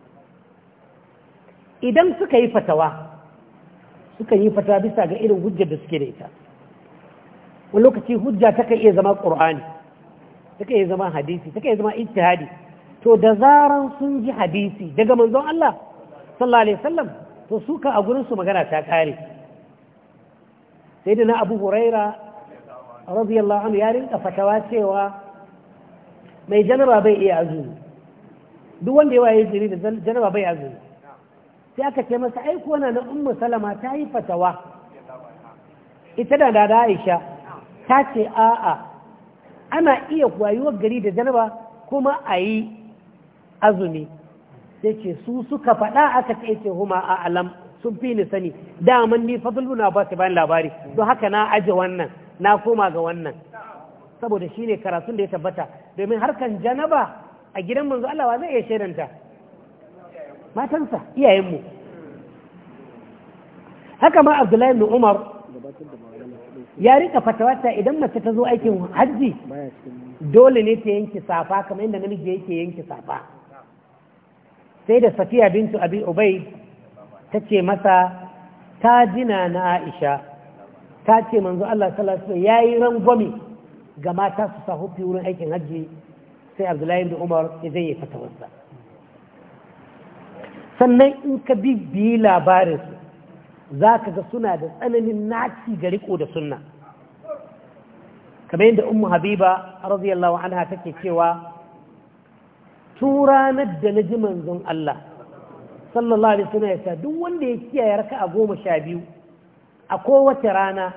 idan suka yi fatawa suka yi fata bisa ga irin hujjar da suke da ita wani lokaci hujja ta iya zama ƙur'ani ta iya zama hadisi ta iya zama ijtihadi to da zaran sun ji hadisi daga manzon Allah sallallahu alaihi wasallam to suka a gurin su magana ta kare sai da na Abu Huraira radiyallahu anhu ya rinka fatawa cewa mai janaba bai iya azumi duk wanda ya waye jiri da janaba bai azumi sai aka ce masa aiko na na umma salama ta yi fatawa ita da dada aisha ta ce a'a ana iya wayuwar gari da janaba kuma a yi azumi sai ce su suka faɗa aka ce ce huma a alam sun fi ni sani daman ni fadlu na ba su bayan labari don haka na aje wannan na koma ga wannan saboda shine karatun da ya tabbata domin harkan janaba a gidan manzo Allah wa zai iya shaidanta matansa iyayenmu haka ma abdullahi bin umar ya rika fatawata idan mace ta zo aikin hajji dole ne ta yanke safa kamar yadda namiji yake yanke safa sai da safiya bintu abi ubay ta ce masa ta jina na aisha ta ce manzo Allah sallallahu alaihi wasallam yayi rangwame ga mata su sa hufi wurin aikin hajji sai Abdullahi bin Umar ya zai fatawarsa sannan in ka bibbiyi labarinsu za ka ga suna da tsananin naci ga riko da sunna kamar yadda ummu habiba radiyallahu anha take cewa turanar da na ji manzon Allah sallallahu alaihi suna ya duk wanda ya kiyaye raka a goma sha biyu a kowace rana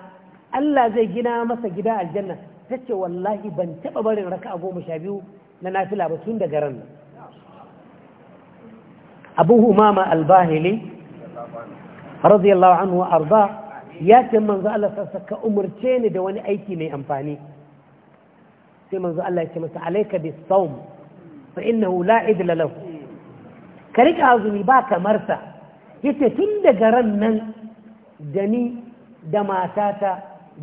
Allah zai gina masa gida aljanna tace wallahi ban taɓa barin raka'a goma sha biyu na nafila ba tun daga ran nan abu humama albahili radiyallahu anhu arda ya ce manzo Allah sassa ka umurce ni da wani aiki mai amfani sai manzo Allah ya ce masa alayka bis sawm fa innahu la idla lahu ka azumi ba kamar sa yace tun daga ran nan da ni da matata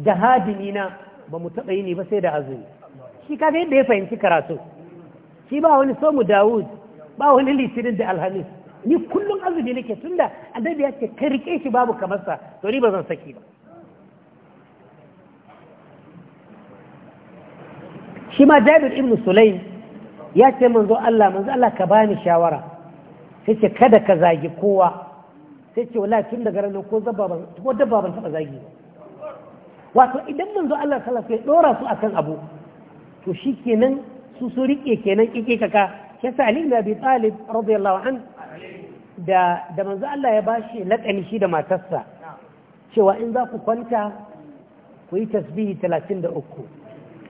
da hadinina ba mu taɓa yi ni ba sai da azumi shi kaga yadda ya fahimci karatu shi ba wani somu dawud ba wani litinin da alhamis ni kullum azumi nake tunda annabi ya ce ka rike shi babu kamar sa to ni ba zan saki ba shi ma Jabir ibn Sulaim ya ce manzo Allah manzo Allah ka bani shawara sai ce kada ka zagi kowa sai ce wallahi tun daga ranar ko dabba ban ko dabba ban taba zagi ba wato idan manzo Allah sallallahu alaihi wasallam dora su akan abu to shikenan su su rike kenan kike kaka sai Ali ibn Abi Talib radiyallahu anhu da da manzo Allah ya bashi laƙani shi da matarsa cewa in za ku kwanta ku yi tasbihi 33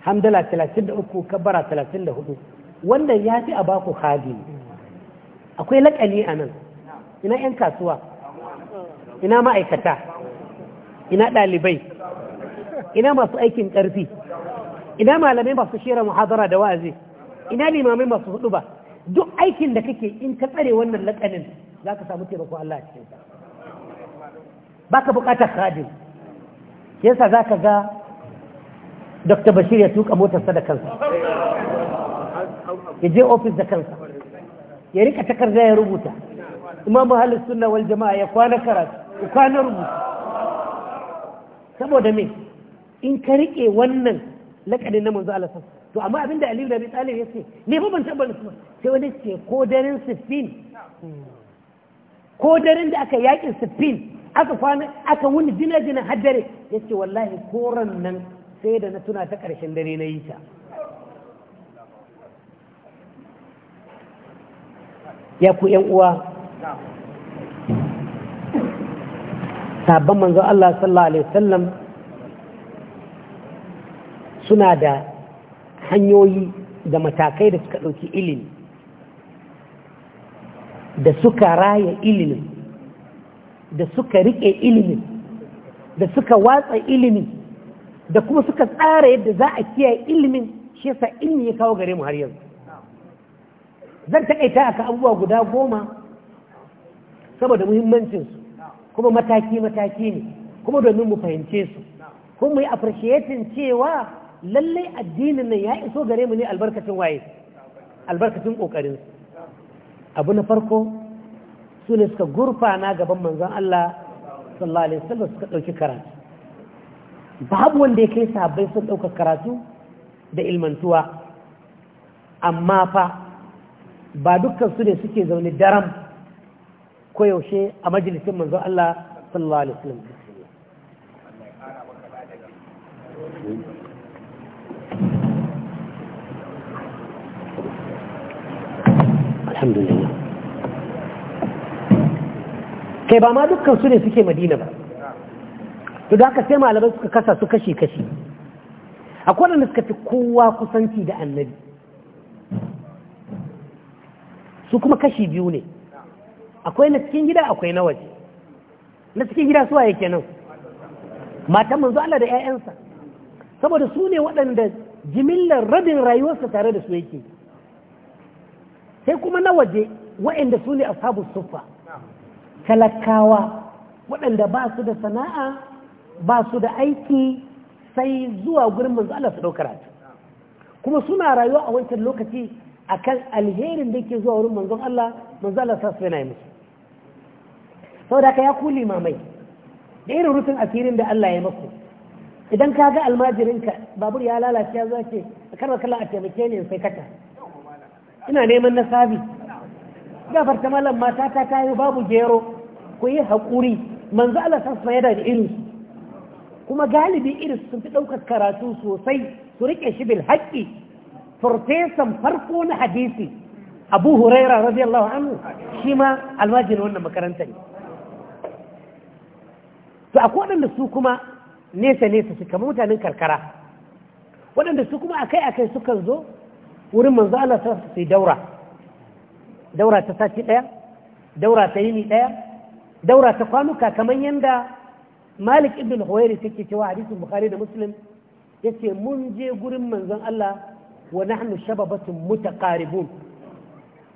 hamdala 33 kabbara 34 wannan ya fi a baku hadi akwai laƙani a nan ina 'yan kasuwa ina ma'aikata ina ɗalibai ina masu aikin ƙarfi ina malamai masu shera muhadara da wa'azi ina limamai masu hudu ba duk aikin da kake in ka tsare wannan laƙanin za ka samu taimako Allah cikin ta ba ka bukatar kadin yasa za ka ga dr bashir ya tuka motarsa da kansa ya je ofis da kansa ya rika takarda ya rubuta imam halin sunna wal jama'a ya kwana karatu ya kwana rubuta saboda me in ka rike wannan lakadin na manzo Allah to amma abinda Aliyu da Abi Talib yace ne fa ban tabbata sai wani ce ko daren 16 ko daren da aka yakin siffin aka kwana aka wuni jina jina har ya ce wallahi koran nan sai da na tuna ta ƙarshen dare na yi ta ya ku ‘yan uwa sabon manzo Allah sallallahu Alaihi wasallam suna da hanyoyi da matakai da suka ɗauki ilimi da suka raya ilimin da suka rike ilimin da suka watsa ilimin da kuma suka tsara yadda za a kiyaye ilimin shi yasa ilimi ya kawo gare mu har yanzu zan taƙaita aka abubuwa guda goma saboda muhimmancinsu kuma mataki-mataki ne kuma domin mu fahimce su kuma mu yi appreciating cewa lallai addinin nan ya iso gare mu ne albarkacin waye albarkacin su. abu na farko su ne suka gurfana gaban manzan Allah sallallahu alaihi wasallam suka dauki karatu babu wanda ya kai sahabbai sun ɗauka karatu da ilmantuwa amma fa ba dukkan su ne suke zaune daram yaushe a majalisin manzan Allah sallallahu alaihi wasallam alhamdulillah kai ba ma dukkan su ne suke madina ba to da aka sai malamai suka kasa su kashi kashi akwai wanda suka fi kowa kusanci da annabi su kuma kashi biyu ne akwai na cikin gida akwai na waje na cikin gida suwa yake nan matan manzo Allah da 'ya'yansa saboda su ne waɗanda jimillar rabin rayuwarsa tare da su yake sai kuma na waje waɗanda su ne ashabu sufa talakawa waɗanda ba su da sana'a ba su da aiki sai zuwa gurin manzo Allah su ɗaukar ta kuma suna rayuwa a wancan lokaci akan alherin da ke zuwa wurin manzon Allah manzo Allah sa su yana yi musu saboda ka ya kuli mamai da irin rufin asirin da Allah ya maku idan ka ga almajirinka babur ya lalace ya zace ce karba kallon a taimake ne sai kata ina neman na sabi gafar ta malam mata ta tayo babu gero ku yi haƙuri manzo Allah san su da irin kuma galibi irin sun fi ɗaukar karatu sosai su riƙe shi bil haƙƙi farfesan farko na hadisi abu huraira radiyallahu anhu shi ma almajin wannan makaranta ne to akwai waɗanda su kuma nesa nesa su kama mutanen karkara waɗanda su kuma akai akai sukan zo wurin manzo Allah sa sai daura daura ta sati daya daura ta yini daya daura ta kwanuka kamar yanda Malik ibn Huwairi take cewa hadisin Bukhari da Muslim yace mun je gurin manzon Allah wa nahnu shababatun mutaqaribun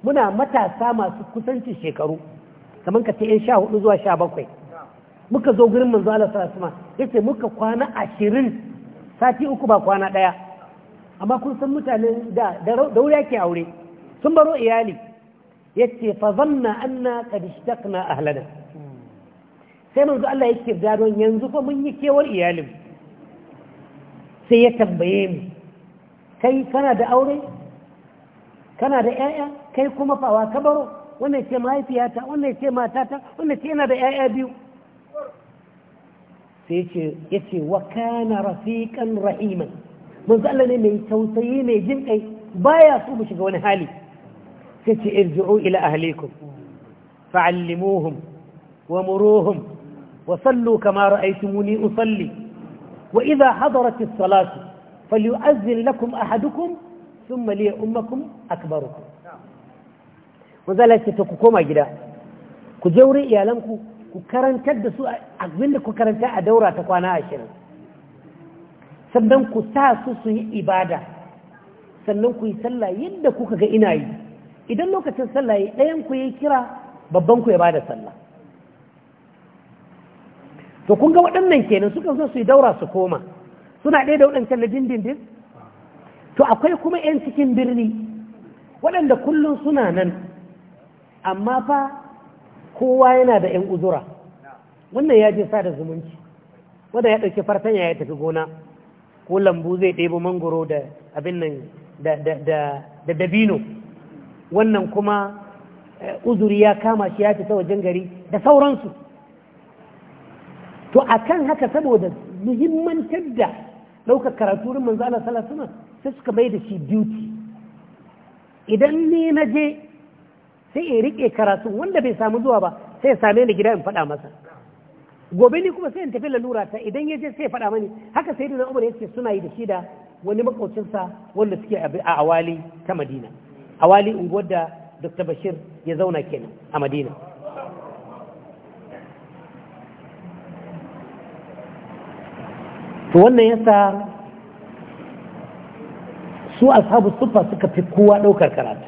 muna matasa masu kusanci shekaru kamar ka ta yan sha hudu zuwa sha bakwai muka zo gurin manzo Allah sallallahu alaihi wasallam yace muka kwana ashirin sati uku ba kwana daya amma kun san mutanen da da wuri yake aure sun baro iyali yace fa zanna anna qad ishtaqna ahlana sai manzo Allah yake don yanzu fa mun yi kewar iyalin sai ya tambaye mu kai kana da aure kana da yaya kai kuma fa wa ka baro wannan ce mahaifiyata wannan ce matata wannan ce yana da yaya biyu sai yace yace wa kana rafiqan rahiman manzo Allah ne mai tausayi mai jin kai baya so mu shiga wani hali sai ce irji'u ila ahlikum fa'allimuhum wa muruhum wa sallu kama ra'aytumuni usalli wa idha hadarat as-salatu falyu'azzin lakum ahadukum thumma li ummakum akbarukum manzo Allah ce ku koma gida ku je wurin iyalanku ku karantar da su abinda ku karanta a daura ta kwana ashirin sannan ku sa su su yi ibada sannan ku yi sallah yadda kuka ga ina yi idan lokacin sallah ya ɗayan ku yi kira babban ku ya bada sallah to kun ga waɗannan kenan suka zo su yi daura su koma suna ɗaya da waɗancan da dindindin to akwai kuma 'yan cikin birni waɗanda kullum suna nan amma fa kowa yana da 'yan uzura wannan ya je da zumunci wanda ya ɗauki fartanya ya tafi gona ko lambu zai ɗebo mangoro da abin nan da dabino wannan kuma eh, uzuri ya kama shi ya fita wajen gari da sauransu to akan haka saboda muhimmancin da ɗaukar karatu rin manzana Allah sallallahu sai suka bai da shi duty idan ni na je sai in rike karatu wanda bai samu zuwa ba sai ya same ni gida in faɗa masa gobe ni kuma sai in tafi lalura ta idan ya je sai ya faɗa mani haka sai dina umar yake suna yi da shi da wani makocinsa wanda suke a awali ta madina awali unguwar da dr bashir ya zauna kenan a madina to wannan yasa su ashabu sufa suka fi kowa ɗaukar karatu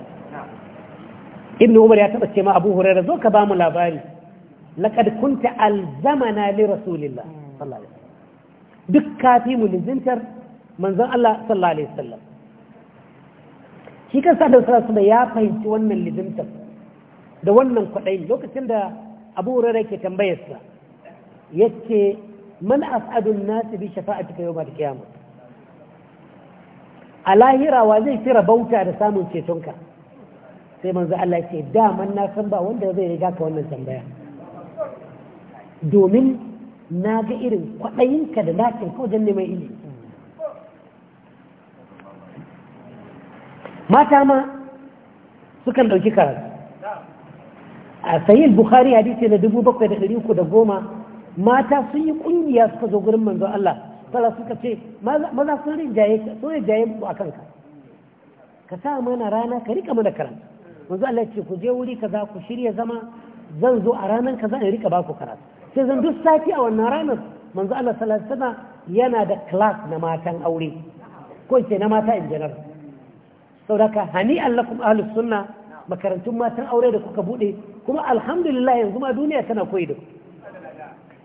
ibnu umar ya taɓa ce ma abu hurairah zo ka ba mu labari laqad kunta alzamana li rasulillah sallallahu alaihi wasallam duk kafi mu lizintar manzon Allah sallallahu alaihi wasallam shi kansa da sallallahu da ya fahimci wannan lizintar da wannan kwaɗai lokacin da Abu Hurairah ke tambayarsa yace man as'adun nas bi shafa'atika yawmal qiyamah a lahira wa zai fi rabauta da samun cetonka sai manzo Allah ce daman na san ba wanda zai riga ka wannan tambaya domin na ga irin kwaɗayinka da nakin kawai don neman ilimi mata ma sukan ɗauki karatu a sayil bukhari hadisi na dubu bakwai da ɗari uku da goma mata sun yi ƙungiya suka zo gurin manzo Allah tara suka ce maza sun so ya jaye mu a kanka ka sa mana rana ka rika mana karanta manzo Allah ce ku je wuri kaza ku shirya zama zan zo a ranar kaza in rika baku karatu sai zan duk sati a wannan ranar manzo Allah sallallahu alaihi wasallam yana da class na matan aure ko ce na mata in general saboda hani allakum ahlus sunna makarantun matan aure da kuka bude kuma alhamdulillah yanzu ma duniya tana koyi da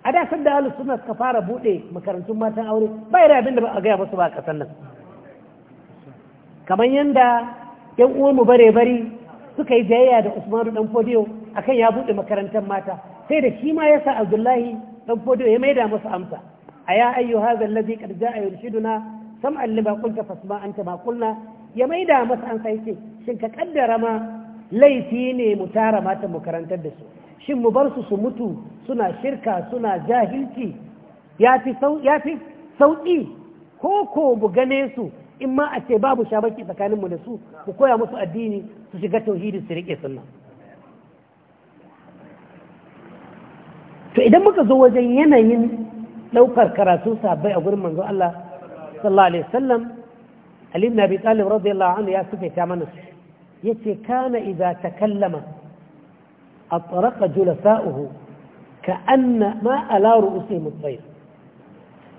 a da sanda ahlus sunna suka fara bude makarantun matan aure ba ira abin da ba a gaya musu ba a kasan nan kamar yanda yan uwanmu bare bari suka yi jayayya da usman dan Fodiyo akan ya bude makarantar mata sai da shi ma ya sa abdullahi ɗan fodo ya maida masa amsa a ya ayyu haza allazi qad jaa yurshiduna sam'an lima qulta fasma anta ma qulna ya maida masa amsa yace shin ka kaddara ma laifi ne mu tara mata mu karantar da su shin mu bar su su mutu suna shirka suna jahilci ya fi sauƙi ko ko mu gane su in ma a ce babu shabaki tsakaninmu da su mu koya musu addini su shiga tauhidi su riƙe sunna to idan muka zo wajen yanayin ɗaukar karatu sabai a gurin manzo Allah sallallahu alaihi wasallam Ali ibn Abi Talib radiyallahu anhu ya sufaita mana su yace kana idza takallama atraqa julasa'uhu كأن ما على رؤوسهم الطير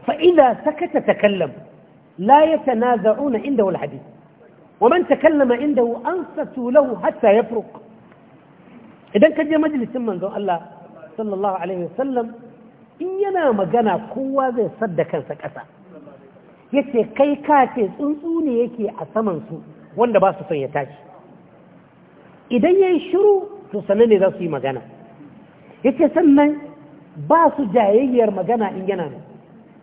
فإذا سكت تكلم لا يتنازعون عنده الحديث ومن تكلم عنده أنصتوا له حتى يفرق إذا كان مجلس من ذو الله sallallahu alaihi wasallam in yana magana kowa zai sadda kansa ƙasa yace kai kafe tsuntsu ne yake a saman wanda ba su son ya tashi idan yayi shiru to sannan ne za su yi magana yace sannan ba su jayayyar magana in yana ne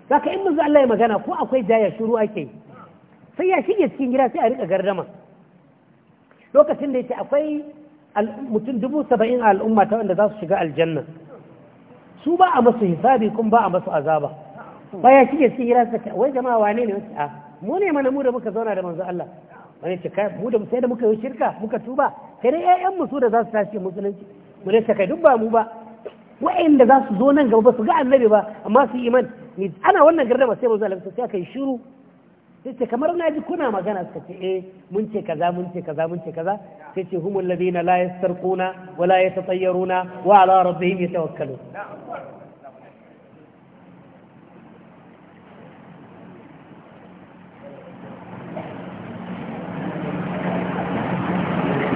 za ka yi Allah ya magana ko akwai jayar shiru ake yi sai ya shige cikin gida sai a rika gardama lokacin da yace akwai mutum dubu saba'in a al'umma ta wanda za su shiga aljanna su ba a masu hisabi kuma ba a masu azaba baya shi ya tsira saka wai jama'a wane ne wasu a ah, mu ne mana mu da muka zauna da manzo Allah wani ce kai mu da sai da muka yi shirka muka tuba sai dai ƴaƴan mu su da za su tashi musulunci mu ne kai duk ba mu ba wa'anda za su zo nan gaba ba su ga annabi ba amma su iman ana wannan gardama sai manzo Allah sai aka yi shiru sai ce kamar na ji kuna magana suka ce eh mun ce kaza mun ce kaza mun ce kaza sai ce humul ladina la yastarquna wa la yatatayyaruna wa ala rabbihim yatawakkalun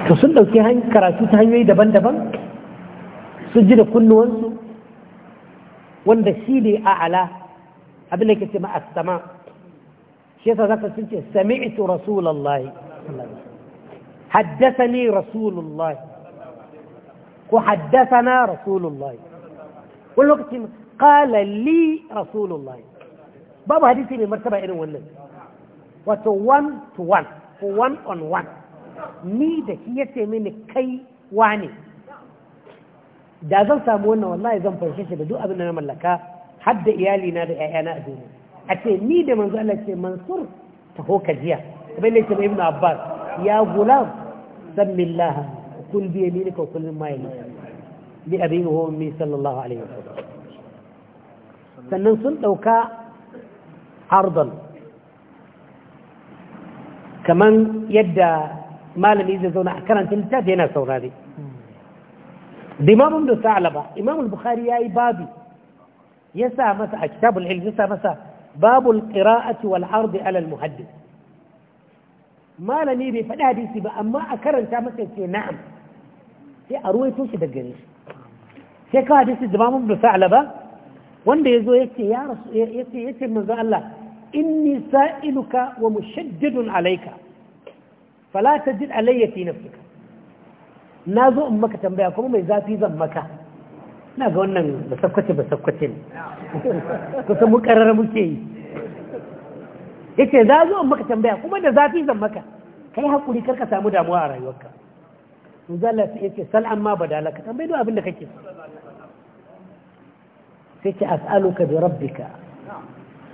to sun dauke karatu ta hanyoyi daban-daban sun ji da kunnuwansu wanda shi ne a'ala abin da ke ce ma as-sama' شيخ ذكرت سمعت رسول الله حدثني رسول الله وحدثنا رسول الله كل وقت قال لي رسول الله باب حديثي من مرتبة إنه ولد وتو وان تو ون وان أون وان ميدة هي من كي واني دازل سامونا والله إذا مفرشش بدو أبنا نملكا حد إيالي نادي أنا أدوني a ce ni da manzo Allah ce mansur taho ka jiya kamar da ce ibn abbas ya gulam sammillah kul bi yaminika kul ma yaminika bi abin wa ummi sallallahu alaihi wasallam sannan sun dauka ardan kaman yadda malami zai zauna a karanta littafi yana saurare da imamun da sa'alaba imamul bukhari ya yi babi ya sa masa a kitabul ilm ya sa masa babu alqira'ati wal ard ala al muhaddith malami bai faɗi hadisi ba amma a karanta masa ce na'am sai a ruwaito shi da gare shi sai ka hadisi da mamun da sa'ala ba wanda yazo yace ya rasu yace yace manzo Allah nisa inuka wa mushaddidun alayka fala tajid alayya fi nafsika nazo in maka tambaya kuma mai zafi zan maka na ga wannan ba sakwace ba sakwace ne kusa mukarar muke yi ya ce za zo maka tambaya kuma da zafi zan maka kai haƙuri karka samu damuwa a rayuwarka zala su ya ce sal'an ma badala ka tambayi abin da kake sai ce ka bi rabbika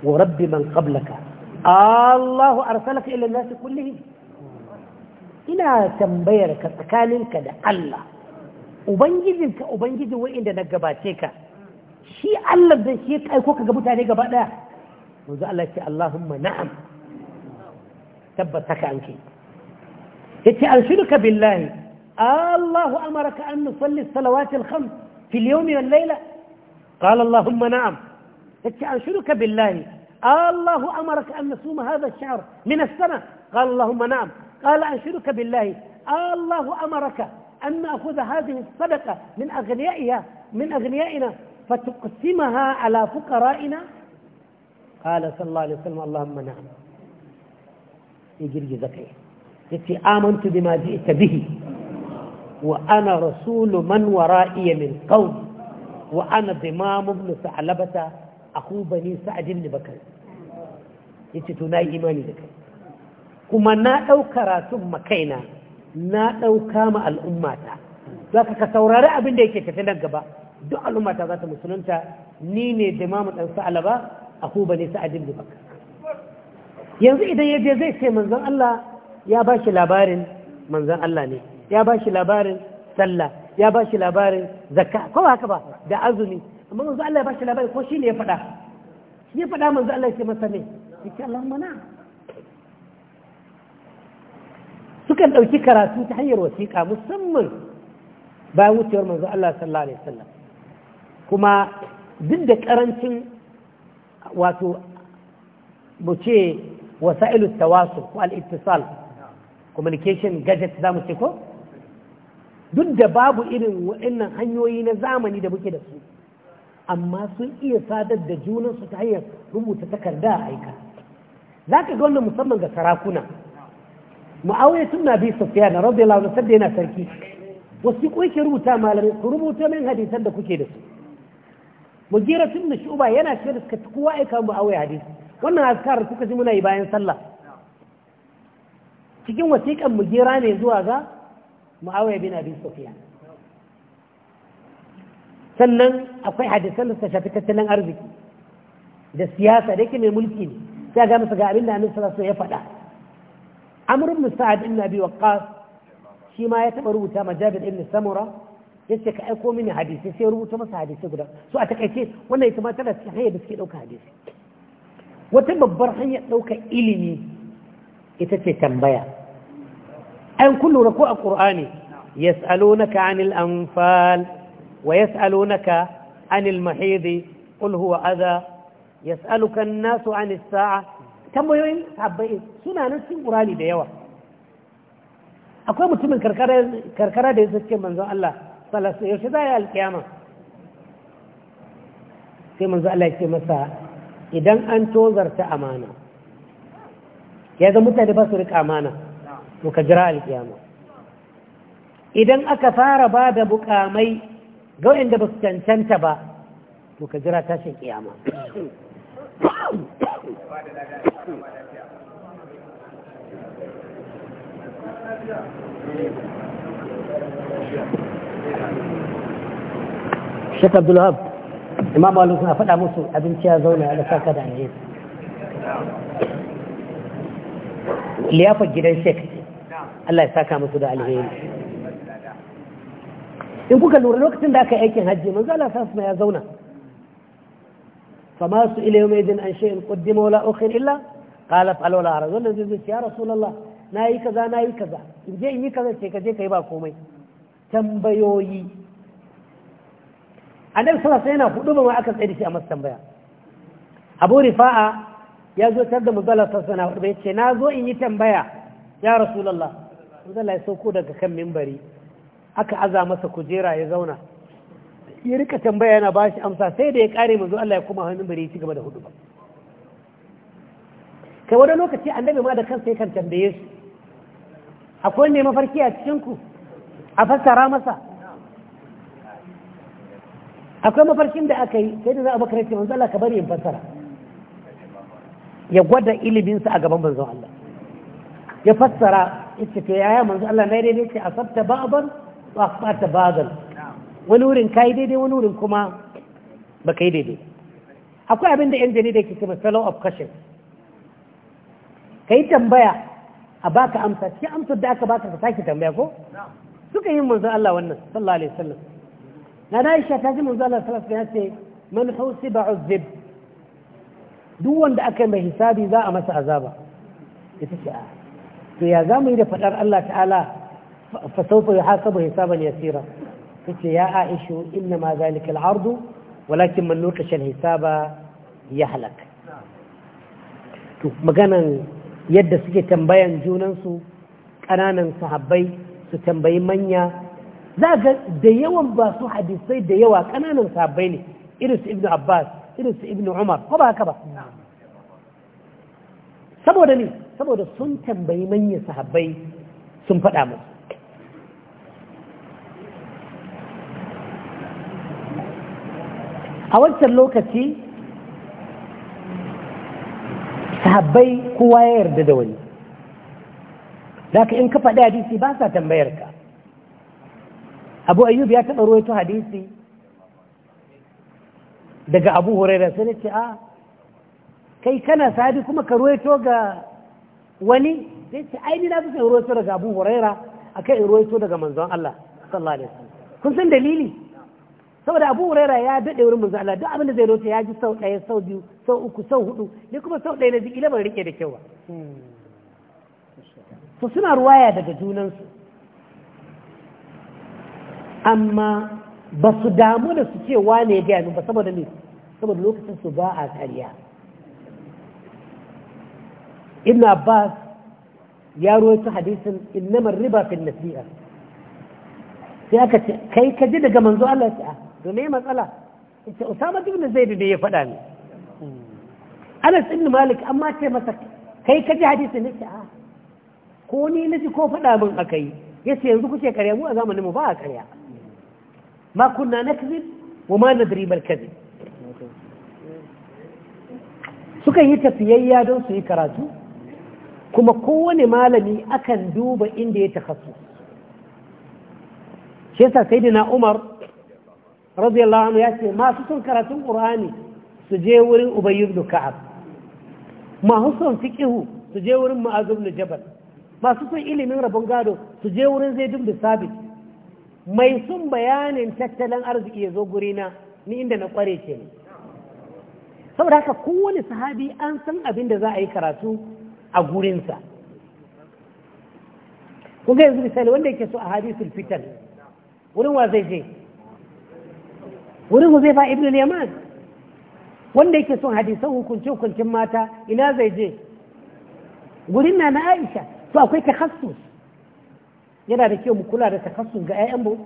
wa rabbi man qablaka Allahu arsalaka ila nasi kulle. ina tambayar ka tsakaninka da Allah ubangijinka ubangijin inda na gabace ka shi Allah da shi ya aiko ka ga mutane gaba ɗaya wanzu Allah ce Allahumma na'am tabbata ka an kai yace anshiduka billahi Allahu amaraka an nusalli salawatil khams fi al-yawmi wal layla qala Allahumma na'am yace anshiduka billahi Allahu amaraka an nasuma hadha ash-shahr min sana qala Allahumma na'am qala anshiduka billahi Allahu amara ka. أن نأخذ هذه الصدقة من أغنيائها من أغنيائنا فتقسمها على فقرائنا قال صلى الله عليه وسلم اللهم نعم يجري زكية يتي آمنت بما جئت به وأنا رسول من ورائي من قوم وأنا ضمام بن ثعلبة أخو بني سعد بن بكر يتي تناي إيماني بك كما نا أو كراتم مكينا na ɗauka ma al'ummata za ka ka saurari abin da yake tafi nan gaba duk al'ummata za ta musulunta ni ne da mamu ɗan sa'alaba a ku ba ne sa'adin da baka yanzu idan ya je zai ce manzan Allah ya ba shi labarin manzan Allah ne ya ba shi labarin sallah ya ba shi labarin zakka ko ba haka ba da azumi amma manzan Allah ya ba shi labarin ko shi ne ya faɗa shi ya faɗa manzan Allah ya ce masa ne ya ce Allah mana sukan ɗauki karatu ta hanyar wasiƙa musamman bayan wucewar manzo Allah sallallahu alaihi wasallam kuma duk da ƙarancin wato mu ce wasa'ilu tawasul ko al-ittisal communication gadget za mu ce ko duk da babu irin waɗannan hanyoyi na zamani da muke da su amma sun iya sadar da junansu ta hanyar rubuta takarda a aika za ka ga wannan musamman ga sarakuna ma'auya tun na bi sufiya na rabbi Allah sadda yana sarki wasu ku yake rubuta malamai ku rubuta min hadisan da kuke da su mugira tun da shuba yana ce da suka kowa aika ma'auya hadisi wannan azkar kuka ji muna yi bayan sallah cikin wasiƙan mugira ne zuwa ga ma'auya bin abi sufiya sannan akwai hadisan da suka shafi tattalin arziki da siyasa da yake mai mulki ne sai ga masa ga abin da annabi sallallahu alaihi wasallam ya faɗa amr ibn sa'ad ibn abi waqqas shi ma ya taba rubuta ma jabir ibn samura yace ka aiko mini hadisi sai rubuta masa hadisi guda so a takaice wannan ita ma tana cikin hanyar da suke dauka hadisi wata babbar hanyar dauka ilimi ita ce tambaya an kullu rako a qur'ani yas'alunaka 'anil anfal wa yas'alunaka 'anil mahidi qul huwa adha yas'aluka an-nasu 'anis sa'a tambayoyin sahabbai suna nan sun qur'ani da yawa akwai mutumin karkara da ya ce manzon Allah sallallahu alaihi wasallam ya alkiyama sai manzon Allah ya ce masa idan an tozarta amana ya ga mutane ba su rika amana to ka jira alkiyama idan aka fara ba da bukamai ga wanda ba su cancanta ba to ka jira tashin kiyama shekar dulhab Imam Ali suna faɗa musu abinci ya zauna ɗasa ka da ne. Liyafar gidan shek Allah ya saka musu da alheri. In kuka lura lokacin da aka aikin hajji, manzo Allah sa ya zauna. فما سئل يومئذ عن شيء قدم ولا أخر إلا قال افعل ولا أعرض wannan zai zai ya rasulullah nayi kaza nayi kaza in je in yi kaza ce kai ba komai tambayoyi annabi sallallahu alaihi wasallam hudu ba ma aka tsaye da shi a masa tambaya Abu Rifa'a ya zo da muzalla sassana wadda ya ce na zo in yi tambaya ya rasulallah muzalla ya sauko daga kan mimbari aka aza masa kujera ya zauna ya rika tambaya yana ba shi amsa sai da ya kare manzo Allah ya kuma hannun bari ya ci gaba da hudu ba kai wani lokaci annabi ma da kansa yakan tambaye su akwai ne mafarki a cikin ku a fassara masa akwai mafarkin da aka yi sai da za a bakar ce manzo Allah ka bari in fassara ya gwada ilimin sa a gaban manzo Allah ya fassara yace to yaya manzo Allah na daidai ce asabta ba'dan wa akhtata ba'dan wani wurin ka yi daidai wani wurin kuma ba ka yi daidai akwai abin da 'yan jarida ke cewa fellow of caution ka yi tambaya a baka amsa ci amsar da aka baka ka sake tambaya ko suka yi manzo Allah wannan sallallahu alaihi wasallam na da Aisha ta ji manzo Allah sallallahu alaihi wasallam ya ce man husiba uzib duk wanda aka yi mai hisabi za a masa azaba ita ce a to ya zamu yi da fadar Allah ta'ala fa sawfa yuhasabu hisaban yasira tace ya aishu inna ma zalika al'ardu walakin man nuqisha hisaba ya to maganan yadda suke tambayan junansu su kananan sahabbai su tambayi manya za ga da yawan ba su hadisai da yawa kananan sahabbai ne irin su ibnu abbas irin su ibnu umar ko ba haka ba saboda ne saboda sun tambayi manyan sahabbai sun faɗa musu a wancan lokaci sahabbai kowa ya yarda da wani zaka in ka faɗi hadisi ba sa tambayar ka abu ayyub ya taɓa ruwaito hadisi daga abu huraira sai ce a ah, kai kana sahabi kuma ka ruwaito ga wani sai ce ai ni na fi sai ruwaito daga abu huraira akai in ruwaito daga manzon Allah sallallahu alaihi wasallam kun san dalili saboda abu huraira ya daɗe wurin manzo Allah duk abin da zai rota ya ji sau ɗaya sau biyu sau uku sau hudu ni kuma sau ɗaya na ji ilimin rike da kyau ba so hmm. suna ruwaya daga junansu amma ba su damu da su ce wane ya gaya min ba saboda ne saboda lokacin su ba a karya ibn abbas ya ruwaito hadisin innamar riba fil nasiha sai aka ce kai ka ji daga manzo Allah ta to me matsala ita usama ibn zaid da ya faɗa ne ana ibn malik amma ce masa kai ka ji hadisi ne a ah, ko ni na ji ko faɗa min akai yace yanzu kuke karya mu a zamanin mu ba a karya ma kunna nakzib wa ma nadri bal kadhib suka yi tafiyayya don su yi karatu kuma kowane malami akan duba inda ya takhasu shi yasa sayyidina umar radiyallahu anhu ya ce masu son karatun qur'ani su je wurin ubayy ibn ka'ab masu son fiqhu su je wurin mu'az ibn jabal masu son ilimin rabon gado su je wurin zaid ibn sabit mai son bayanin tattalin arziki ya zo gurina ni inda na kware ke saboda haka kowane sahabi an san abin da za a yi karatu a gurinsa kun ga yanzu misali wanda yake so a hadisul fitan wurin wa zai je wurin huzaifa ibn al-yaman wanda yake son hadisan hukunce hukuncin mata ina zai je wurin na na aisha to akwai takassus yana da kyau mu kula da takassus ga 'ya'yanmu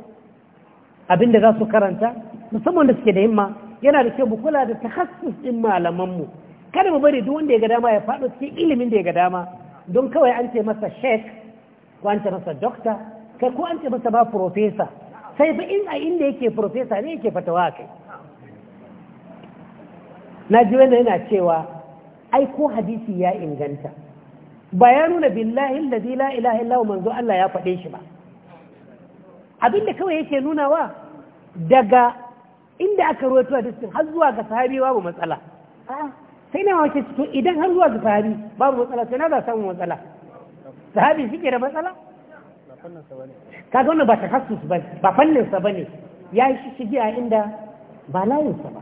abinda za su karanta musamman da suke da himma yana da kyau mu kula da takassus din mu kada mu bari duk wanda ya ga dama ya faɗo cikin ilimin da ya ga dama don kawai an ce masa sheik ko an ce masa dokta kai ko an ce masa ba profesa sai fa in a inda yake profesa ne yake fatawa kai na ji wanda yana cewa ai ko hadisi ya inganta ba ya nuna billahi allazi la ilaha illa manzo Allah ya faɗe shi ba abinda kawai yake nunawa daga inda aka rawaito hadisin har zuwa ga sahabi babu matsala ah. sai na wace cikin idan har zuwa ga sahabi babu matsala sai na za samu matsala sahabi shi ke da matsala kaga wannan ba takassus ba ba fannin sa bane ya yi shi a inda ba layin sa ba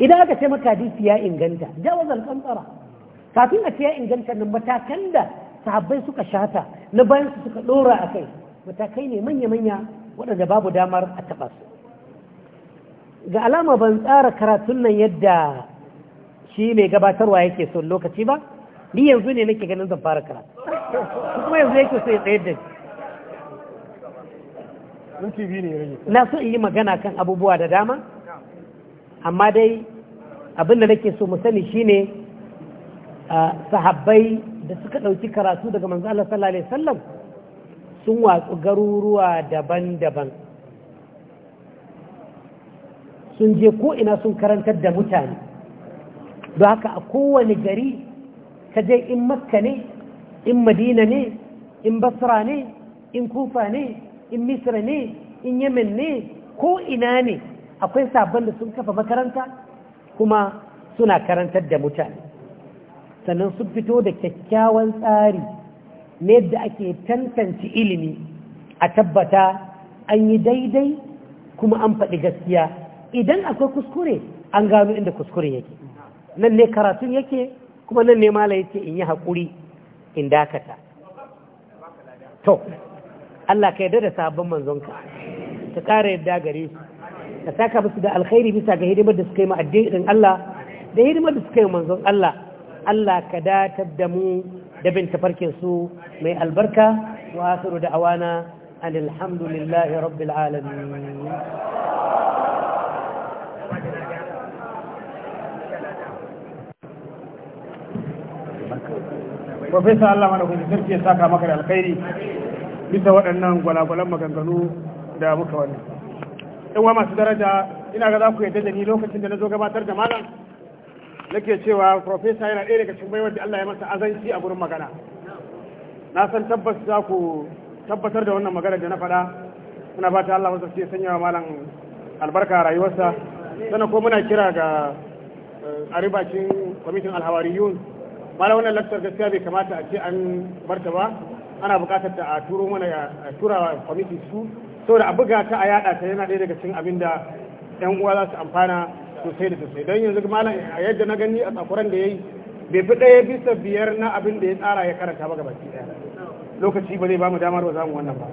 idan aka ce maka hadisi ya inganta jawaz al-qantara kafin a ce ya inganta nan matakan da sahabbai suka shata na bayan su suka dora kai matakai ne manya-manya waɗanda babu damar a taɓa su ga alama ban tsara karatun nan yadda shi mai gabatarwa yake son lokaci ba ni yanzu ne nake ganin zan fara kara kuma yanzu yake so ya da na so in yi magana kan abubuwa da dama amma dai abin abinda nake so mu sani shine sahabbai da suka ɗauki karatu daga manzo Allah sallallahu alaihi wasallam sun watsu garuruwa daban-daban sun je ko ina sun karantar da mutane don haka a kowane gari ka je in makka ne in madina ne in basra ne in kufa ne in misra ne in yemen ne ko ina ne akwai sabon da sun kafa makaranta kuma suna karantar da mutane sannan sun fito da kyakkyawan tsari ne da ake tantance ilimi a tabbata an yi daidai kuma an faɗi gaskiya idan akwai kuskure an gano inda kuskure yake nan ne karatun yake kuma nan ne mala ce in yi hakuri in dakata to Allah ka yarda da sabon manzonka ka ƙara yadda gare su ka saka musu da alkhairi bisa ga hidimar da suka yi ma addinin Allah da hidimar da suka yi manzon Allah Allah ka datar da mu da bin tafarkin su mai albarka wa asiru da awana alhamdulillahi rabbil alamin profesa Allah mana kuma sarki ya saka maka da alkhairi bisa waɗannan gwalagwalan maganganu da muka wani. ɗan wa masu daraja ina ga za ku yadda da ni lokacin da na zo gabatar da malam nake cewa profesa yana ɗaya daga cikin baiwar da Allah ya masa azanci a gurin magana na san tabbas za ku tabbatar da wannan magana da na faɗa muna ta Allah wasu sai sanya wa malam albarka a rayuwarsa sannan ko muna kira ga eh, a ribacin kwamitin alhawariyun mala wannan lantar gaskiya bai kamata a ce an barta ba ana bukatar ta a turo mana a tura kwamiti su saboda a buga ta a yada ta yana daya daga cikin abin da yan uwa za su amfana sosai da sosai don yanzu malam a yadda na gani a tsakuran da ya yi bai fi ɗaya bisa biyar na abin da ya tsara ya karanta ba gabaki daya lokaci ba zai ba mu damar ba wannan ba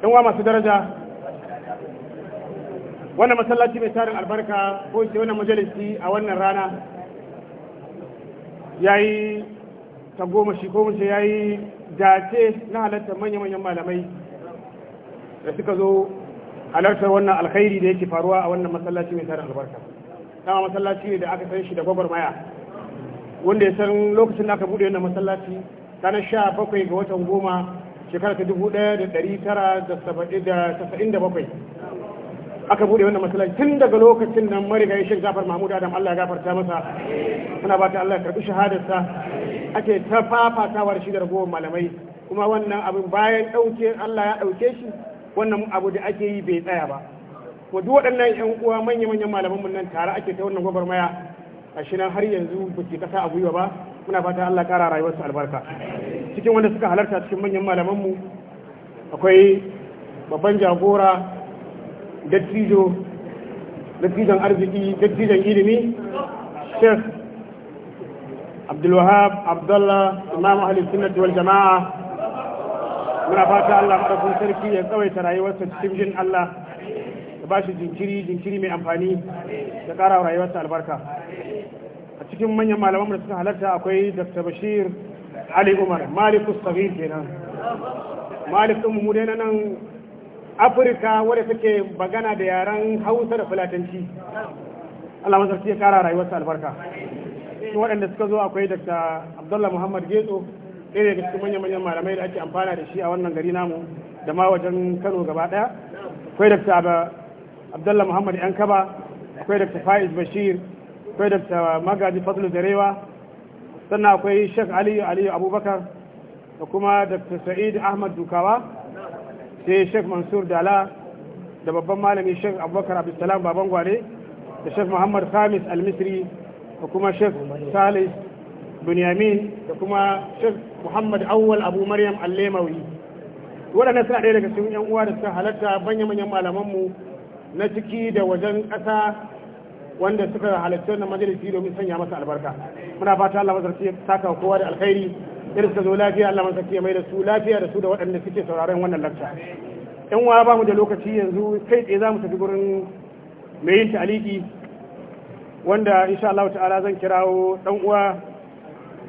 yan uwa masu daraja wannan masallaci mai tarin albarka ko ce wannan majalisi a wannan rana ya yi tagomashi ko mace ya yi dace na halartar manya-manyan malamai da suka zo halartar wannan alkhairi da yake faruwa a wannan masallaci mai tarin albarka dama masallaci ne da aka san shi da maya wanda ya san lokacin da aka bude wannan masallaci ranar sha bakwai ga watan goma shekara ta dubu ɗaya da ɗari tara da saba'in da bakwai aka bude wannan masallaci tun daga lokacin nan marigayi Sheikh Jafar Mahmud Adam Allah ya gafarta masa muna ba ta Allah ya karbi shahadarsa ake ta fafatawar shi da ragowar malamai kuma wannan abin bayan ɗauke Allah ya ɗauke shi wannan abu da ake yi bai tsaya ba ko duk waɗannan ƴan uwa manya manyan malaman mun nan tare ake ta wannan gwagwarmaya a nan har yanzu ba ke kasa a gwiwa ba muna fata Allah kara rayuwarsu albarka cikin wanda suka halarta cikin manyan malaman mu akwai babban jagora dattijo dattijan arziki dattijan ilimi sheikh abdulwahab abdullah imam ahli sunnati wal jama'a muna fata Allah madaukakin sarki ya tsawaita rayuwarsa cikin jin Allah ya ba shi jinkiri jinkiri mai amfani da ƙara rayuwarsa albarka a cikin manyan malaman da suka halarta akwai dr bashir ali umar malikus sabir kenan malik ɗin mu dai nan afirka wadda take magana da yaren hausa da filatanci allah masarci ya kara rayuwarsa albarka cikin waɗanda suka zo akwai dr abdullah muhammad Gezo. ɗaya daga cikin manya-manyan malamai da ake amfana da shi a wannan gari namu da ma wajen kano gaba ɗaya akwai dr abdullah muhammad yan kaba akwai dr faiz bashir akwai dr magaji fadlu zarewa sannan akwai shek aliyu aliyu abubakar da kuma dr sa'id ahmad dukawa sai sheikh mansur dala da babban malami sheikh abubakar abdulsalam baban gware da sheikh muhammad khamis almisri da kuma sheikh salis bunyamin da kuma sheikh muhammad awwal abu maryam allemawi waɗannan suna ɗaya daga cikin yan uwa da suka halatta banyan manyan malamanmu na ciki da wajen ƙasa wanda suka halarci wannan majalisi domin sanya masa albarka muna fata Allah mazarci saka kowa da alkhairi irin suka zo lafiya Allah man ke mai da su lafiya da su da waɗanda suke sauraron wannan lakta yan wa ba mu da lokaci yanzu kai tsaye za mu tafi gurin mai yin ta'aliki wanda insha Allah ta'ala zan kirawo dan uwa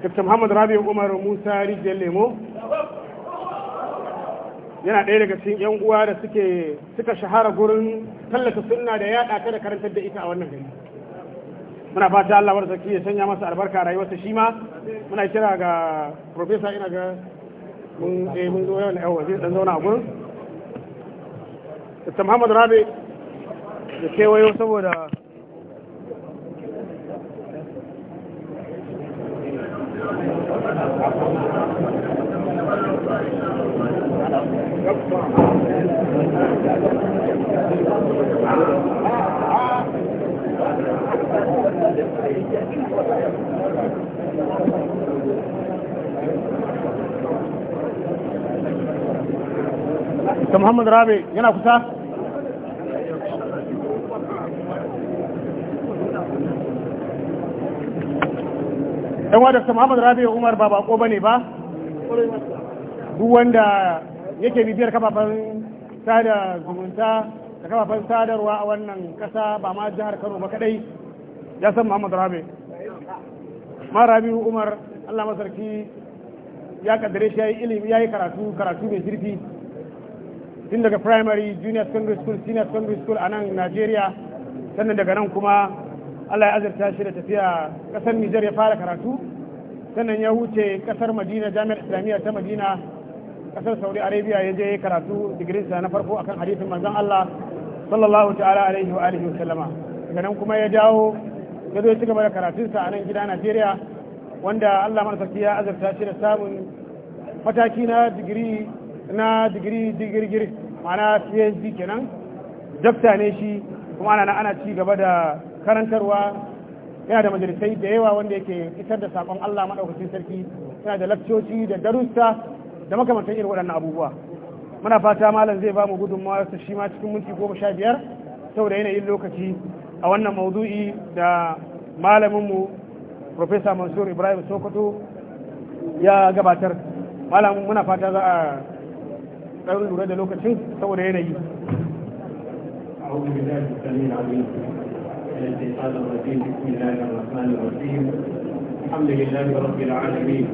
Dr. Muhammad Rabi Umar Musa Rijiyar Lemo yana ɗaya daga cikin yan uwa da suke suka shahara gurin tallata sunna da yaɗa ta da karantar da ita a wannan gari muna fata Allah bar zaki ya sanya masa albarka a rayuwarsa shi ma muna kira ga profesa ina ga mun eh mun zo yawan yawa zai dan zauna a gurin Dr. Muhammad Rabi da kewayo saboda muhammad rabe yana kusa yan wadasta muhammad rabe umar ba bako ba ne ba duk wanda yake bibiyar kafafen sada zumunta da kafafen sadarwa a wannan kasa ba ma jihar kano ba kadai ya san muhammad rabe ma rabi umar allah masarki ya kaddare shi ya yi ilimi ya yi karatu karatu mai zirfi tun daga primary junior secondary school senior secondary school a nan najeriya sannan daga nan kuma allah ya azurta shi da tafiya kasar nijar ya fara karatu sannan ya huce kasar madina jami'ar islamiyya ta madina kasar saudi arabia ya je karatu digirinsa na farko akan hadisin manzon allah sallallahu ta'ala alaihi wa alihi wa sallama daga nan kuma ya dawo ya zo ya ci gaba da karatun sa a nan gida najeriya wanda allah mana sarki ya azurta shi da samun mataki na digiri na digiri digirgir ma'ana phd kenan dakta ne shi kuma ana ana ci gaba da karantarwa yana da majalisai da yawa wanda yake fitar da sakon Allah maɗaukacin sarki yana da lakcoci da darussa da makamantan irin waɗannan abubuwa muna fata malam zai ba mu gudunmawa su shi ma cikin minti goma sha biyar saboda yanayin lokaci a wannan maudu'i da malaminmu Profesa Mansur Ibrahim Sokoto ya gabatar. Malamin muna fata za a ɗan lura da lokacin saboda yanayi أعوذ بالله السميع العليم من الشيطان الرجيم بسم الله الرحمن الرحيم الحمد لله رب العالمين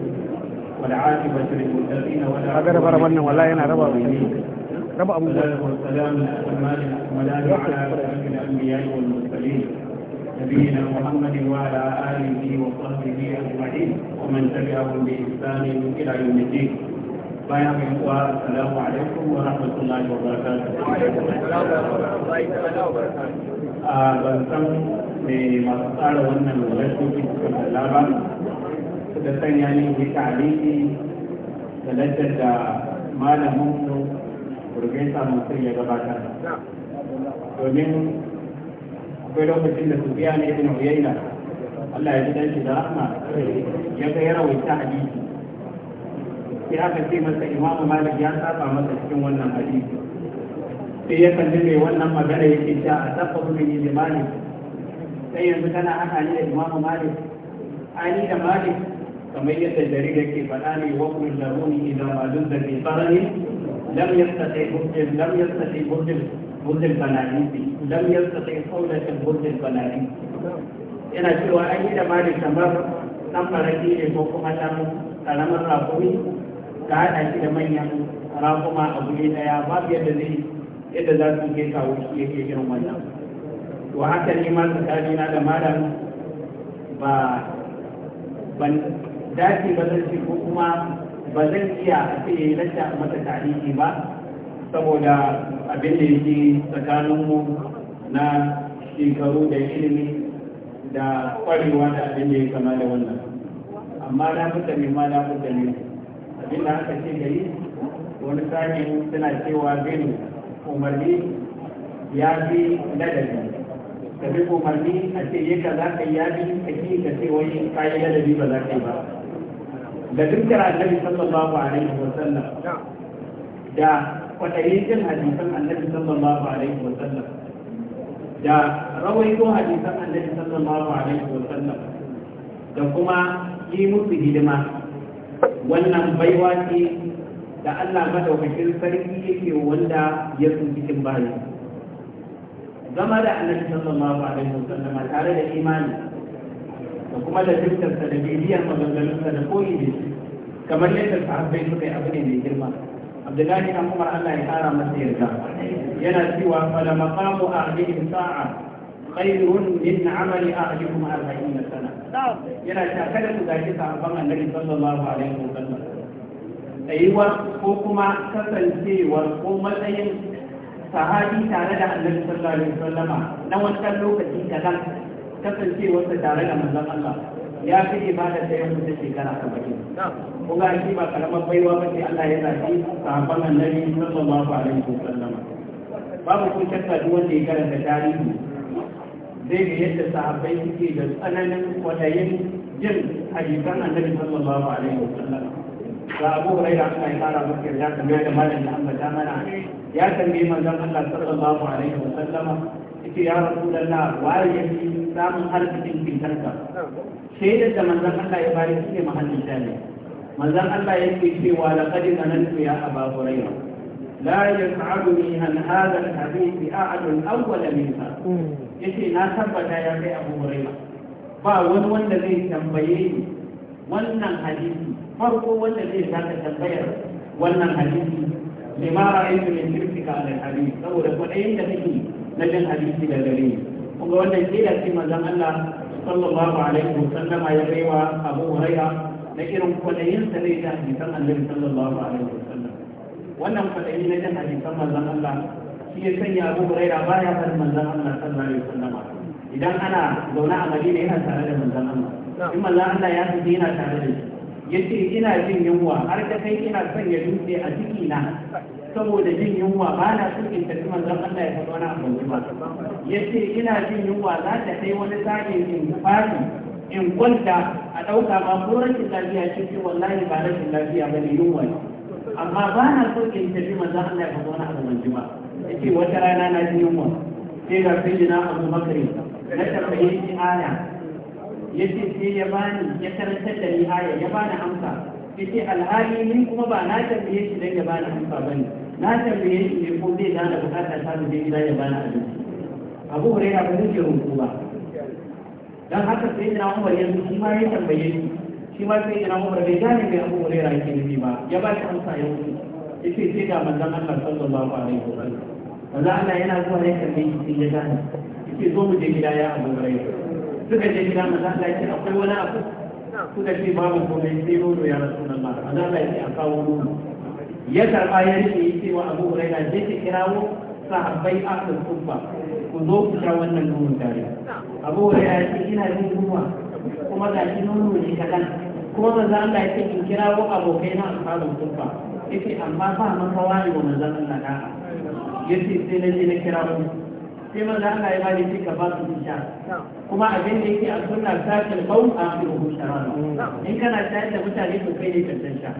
والعاقبة للمتقين ولا هذا ربا ربنا ولا ينعرب ربا أبو بكر والسلام الأكمال الأكملان على أشرف الأنبياء والمرسلين نبينا محمد وعلى آله وصحبه أجمعين ومن تبعهم بإحسان إلى يوم الدين bayan mai uwa assalamu alaikum wa rahmatullahi wa barakatuh ban san me masu tsara wannan rashin suka kalla ba da sanya ne ke ta'aliki da lantar da malamin su burgaisa mutum ya gabatar domin akwai lokacin da su biya ne ibn uyayna Allah ya ji dan shi da rahma ya ga yarawaita hadisi sai aka ce masa imamu malik ya saba masa cikin wannan hadisi sai ya kalli mai wannan magana yake cewa a tafa su bin malik. sai yanzu kana haka ni da imamu malik ani da malik kamar yadda jarida ke faɗa ne wa kun zaruni idan malun da ke ne. lam yastati hujjal lam yastati hujjal hujjal banani lam yastati qawlatul hujjal banani yana cewa an da malik kamar dan faraki ne ko kuma dan karamar rakumi ka haɗa shi da manyan raƙuma a guje ɗaya su yadda zai yadda za su ke kawo shi ke irin wannan to haka ne ma na da malam ba ban dace ba zan ci ko kuma ba zan iya ce ya a mata tarihi ba saboda abin da yake tsakaninmu na shekaru da ilimi da kwarewa da abin da ya kama da wannan amma na fi ma na fi ne abinda aka ce da yi wani sa'in suna cewa bin umarni ya fi ladabi ka bi umarni a ce yi ka za ka yi ya bi ka ki ka ce wani kayi ladabi ba za ka yi ba da dukkan annabi sallallahu alaihi wa sallam da kwaɗayi jin hadisan annabi sallallahu alaihi wa sallam da rawaito hadisan annabi sallallahu alaihi wa sallam da kuma yi musu hidima wannan baiwa ce da Allah madaukakin sarki yake wanda ya cikin bayan zama da annabi sallallahu alaihi wasallam tare da imani da kuma da tattarsa da bibiyar maganganunsa da koyi ne kamar yadda sahabbai suka yi abu ne mai girma abdullahi an kuma Allah ya kara masa yarda yana cewa fa la maqamu a'dihi sa'a خير من عمل أهلكم أربعين سنة yana ta kada su gaji sahabban annabi sallallahu alaihi wa sallam tsayuwa ko kuma kasancewar ko matsayin sahabi tare da annabi sallallahu alaihi sallama na wancan lokaci kadan kasancewar sa tare da manzon Allah ya fi ibada ta yau ta shekara saba'in ko ga shi ba karamar baiwa ba ce Allah ya zaɓi sahabban annabi sallallahu alaihi wa sallama babu ko shakka duk wanda ya karanta tarihi zai ga yadda sahabbai suke da tsananin kwadayin jin hadisan annabi sallallahu alaihi wa sallam ga abu hurairah Allah ya fara maka ya kamar da malam da ambata mana ya tambaye manzon Allah sallallahu alaihi wa sallam yace ya rasulullah wai yafi samun arzikin fitarka sai da manzon Allah ya bari shi mahallin ne manzon Allah yake cewa laqad zanantu ya abu hurairah لا يسعدني أن هذا الحديث أعد الأول منها yake na tabbata ya kai abu huraira ba wani wanda zai tambaye wannan hadisi farko wanda zai saka tambayar wannan hadisi sai ma ra'aytu min shirkika al hadisi saboda kudayin da take na jin hadisi da gare ni kuma wannan da ce manzon Allah sallallahu alaihi wasallam ya baiwa abu huraira na irin kwadayin sa zai ta hadisan annabi sallallahu alaihi wasallam wannan kwadayin na jin hadisan manzon Allah shi ya sanya abu ba ya kan manzan Allah sallallahu alaihi wasallam idan ana zaune a madina yana tare da manzan Allah in manzan Allah ya tafi yana tare da shi yace ina jin yunwa har da kai ina sanya dutse a ciki na saboda jin yunwa ba na so in tafi manzan Allah ya faɗa wani abu ba yace ina jin yunwa za ta kai wani sake in fadi in kwanta a ɗauka ba ko rashin lafiya ce ce wallahi ba rashin lafiya ba ne yunwa amma ba na so in tafi manzan Allah ya faɗa wani abu ba yace wata rana na ji yunwa sai ga na Abu makari na tafiye shi aya ya ce sai ya bani ya karantar da ni aya ya bani amsa ce alhali min kuma ba na tafiye shi don ya bani amsa ne. na tafiye shi ne ko zai gane bukata ta zai gida ya bani abinci Abu Hurairah ba zai rumfu ba dan haka sai ina Umar yanzu shi ma ya tambaye shi shi ma sai ina Umar bai gane mai Abu Hurairah yake nufi ba ya ba shi amsa ya wuce ce sai ga manzon Allah sallallahu alaihi sallam Ba za Allah yana zuwa ya karbe shi cikin ya gane yake zo mu je gida ya abu rai suka je gida manzo Allah yake akwai wani abu suka ce babu komai sai nono ya rasu nan ba, manzo Allah yake a kawo nono ya karba ya rike yake wa Abu Hurairah je ki kirawo sahabbai ahlul kubba ku zo ku sha wannan nono tare Abu Hurairah ce ina jin yunwa kuma ga shi nono ne kadan kuma manzo Allah yake in kirawo abokai na ahlul kubba yake amma ba makawa ne wa manzo Allah da'a ya sai na je na kira wani sai man da Allah ya ba shi ka ba su isha kuma abin da yake a sunna ce bau a fi rubuta in kana shayar da mutane to kai ne karshen sha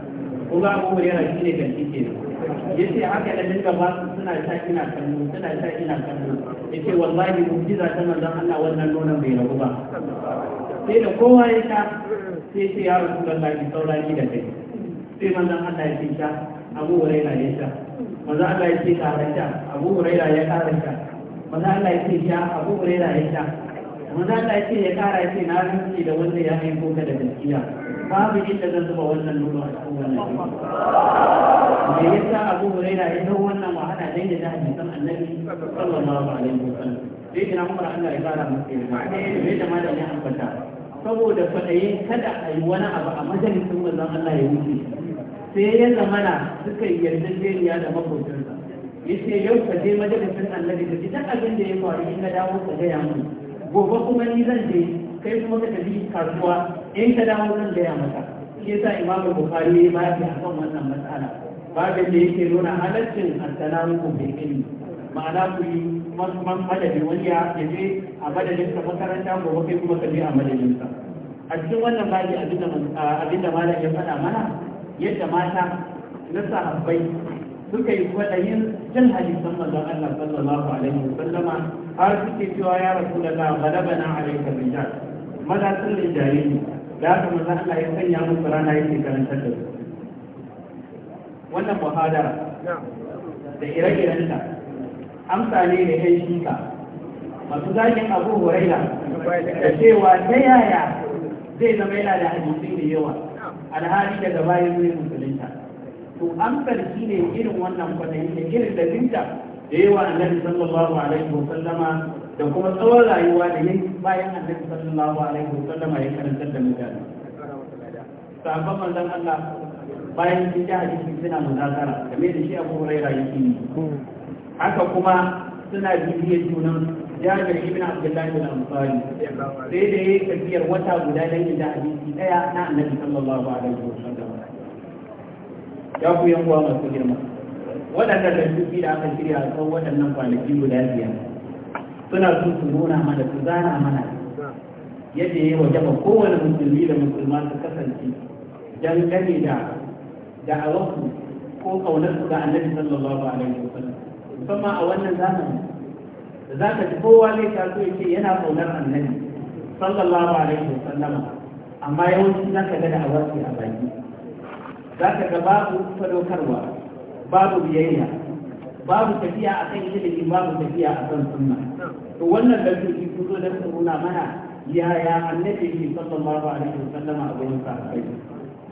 ko ba abu hurera shi ne shi ke ya haka da dinga ba su suna ta ina kallo suna ta ina kallo ya ce wallahi mu'jiza ta dan Allah wannan nonon bai rabu ba sai da kowa ya sha sai sai ya rubuta lallahi saurari da kai sai manzon Allah ya ce sha abu hurera ya sha maza Allah ya ce karanta abu huraira ya karanta maza Allah ya ce sha abu huraira ya sha maza Allah ya ce ya kara ce na rinci da wanda ya haifo ka da gaskiya babu inda zan zuba wannan nuna a cikin wannan me yasa abu huraira ya zo wannan wahala dai da ta hadisan annabi sallallahu alaihi wasallam dai ina fara Allah ya kara masa yarda dai da malam ya ambata saboda fadayin kada a yi wani abu a majalisin wannan Allah ya wuce sai ya zamana suka yi yarjejeniya da makocinsa ya ce yau ka je majalisar annabi ka ji duk abin da ya faru in ka dawo ka gaya mun gobe kuma ni zan je kai kuma ka tafi kasuwa in ka dawo zan gaya maka shi yasa imamu bukhari ya ba ta akan wannan matsala babin da yake nuna halaccin assalamu ku bai ilmi ma'ana ku yi man madadin wani ya je a madadin ka makaranta gobe kai kuma ka je a madadin sa, a cikin wannan babi abinda malam ya faɗa mana yadda mata na sahabbai suka yi kwaɗayin jin hadisan mazan Allah sallallahu alaihi wa sallama har suke cewa ya rasu da na balabana alaikar rijal maza sun rijale ne da haka mazan Allah ya sanya musu rana yake karantar da su wannan buhada da ire-irenta amsa ne da yan shika masu zagin abu huraira da cewa ta yaya zai zama yana da hadisai da yawa alhali daga bayan ne musulunta to an shi ne irin wannan kwanayi da irin da binta da yawa annabi sallallahu alaihi wa sallama da kuma tsawon rayuwa da yin bayan annabi sallallahu alaihi wa sallama ya karantar da mutane sabon manzon Allah bayan sun ji hadisi suna muzakara game da shi abu hurairah yake yi haka kuma suna bibiyar junan jabir ibn abdullahi bin amfani sai da ya tafiyar wata guda don da hadisi daya na annabi sallallahu alaihi wa sallam ya ku yan uwa masu girma waɗannan lantarki da aka shirya a tsawon waɗannan kwanaki guda biyar suna sun su nuna mana su zana mana yadda ya yi wajaba kowane musulmi da musulma su kasance don gane da da'awarsu ko kaunarsu ga annabi sallallahu alaihi wa sallam musamman a wannan zamani da za ka ji kowa zai taso ya ce yana kaunar annabi sallallahu alaihi wa sallama amma yawanci za ka ga da awaki a baki za ka ga babu sadaukarwa babu biyayya babu tafiya a kan ilimi babu tafiya a kan sunna to wannan lantarki su zo da su nuna mana yaya annabi sallallahu alaihi wa sallama a gurin sa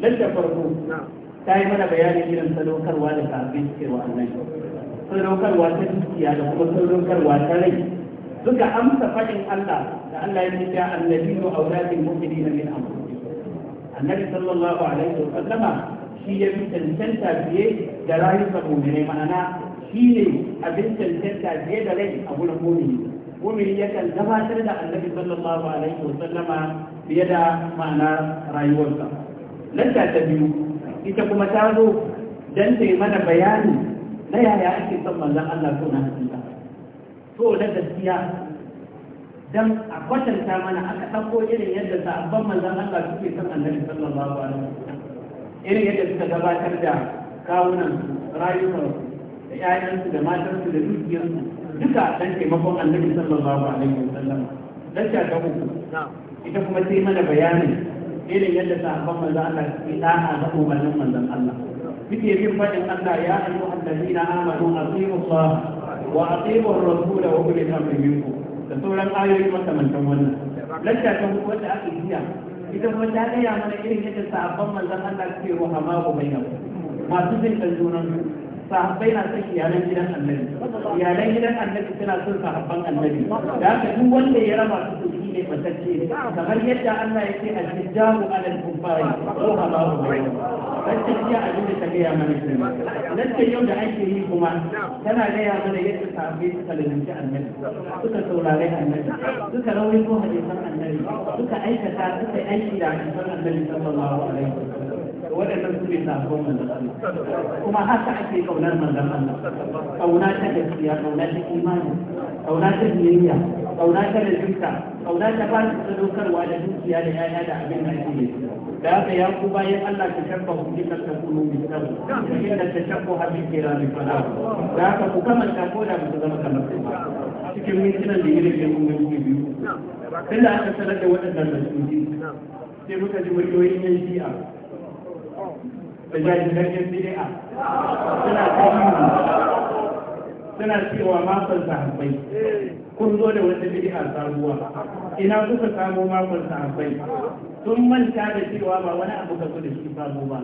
lalle farko ta yi mana bayanin irin sadaukarwa da kafin cewa annabi sadaukarwa ta dukiya da kuma sadaukarwa ta rai duka amsa fadin Allah da Allah ya ce annabi wa auladin mu'minina min anfusikum annabi sallallahu alaihi wa sallama shi ya fi cancanta fiye da rayuwar mu'minai ma'ana shi ne abin cancanta fiye da rai a gurin mu'mini mu'mini yakan gabatar da annabi sallallahu alaihi wa sallama fiye da ma'ana rayuwarsa lantarki ta biyu ita kuma ta zo don ta yi mana bayani na yaya ake son manzan Allah ko na hakika to na gaskiya don a kwatanta mana aka ɗauko irin yadda sabon manzan Allah suke son annabi sallallahu alaihi wasallam irin yadda suka gabatar da kawunan rayuwar da ƴaƴansu da matarsu da dukiyarsu duka dan taimakon annabi sallallahu alaihi wasallam dan ta ga uku ita kuma sai mana bayanin irin yadda sahabban manzon Allah suke da'a ga umarnin manzan Allah suke yin fadin Allah ya ayyuhal na amanu atiu Allah wa a atiu rasu da wa ulil amri minkum da sauran ayoyi makamantan wannan Lantar ta wanda aka yi ita kuma ta ɗaya mana irin yadda sahabban manzan Allah ruwa hama ko bainahu masu jin ɗan junan sahabbai na son iyalan gidan annabi iyalan gidan annabi suna son sahabban annabi da haka duk wanda ya raba su shi ne matacce kamar yadda Allah ya ce al-hijabu ala al kufari ko habaru wacce iya a da ta gaya mana kenan lalle yau da ake yi kuma tana gaya mana yadda sahabbai suka lalace annabi suka saurare annabi suka rawaito hadisan annabi suka aikata suka aiki da hadisan annabi sallallahu alaihi wasallam ولا تنسبي تعرفون من الأرض وما هاتح في قولنا من غمان قولنا تكسيا قولنا تكيمان قولنا تكيمية قولنا تلزمتا قولنا تفان تسلوكا وعلى تنسيا لآيانا من أجلية لا تيارك باية ألا تشبه بك تكونوا من سبب إلا تشبه بكرام فلا لا تفكما تقول عبد الله كما تفكما تكون من سنة لإيرك يوم يوم يوم إلا أتسلك وأدى المسؤولين سيروك جمهوريين جيئا da jajiran yan bid'a suna suna cewa makon sahabbai kun zo da wata bid'a sabuwa ina kuka samo makon sahabbai sun manta da cewa ba wani abu ka da shi sabo ba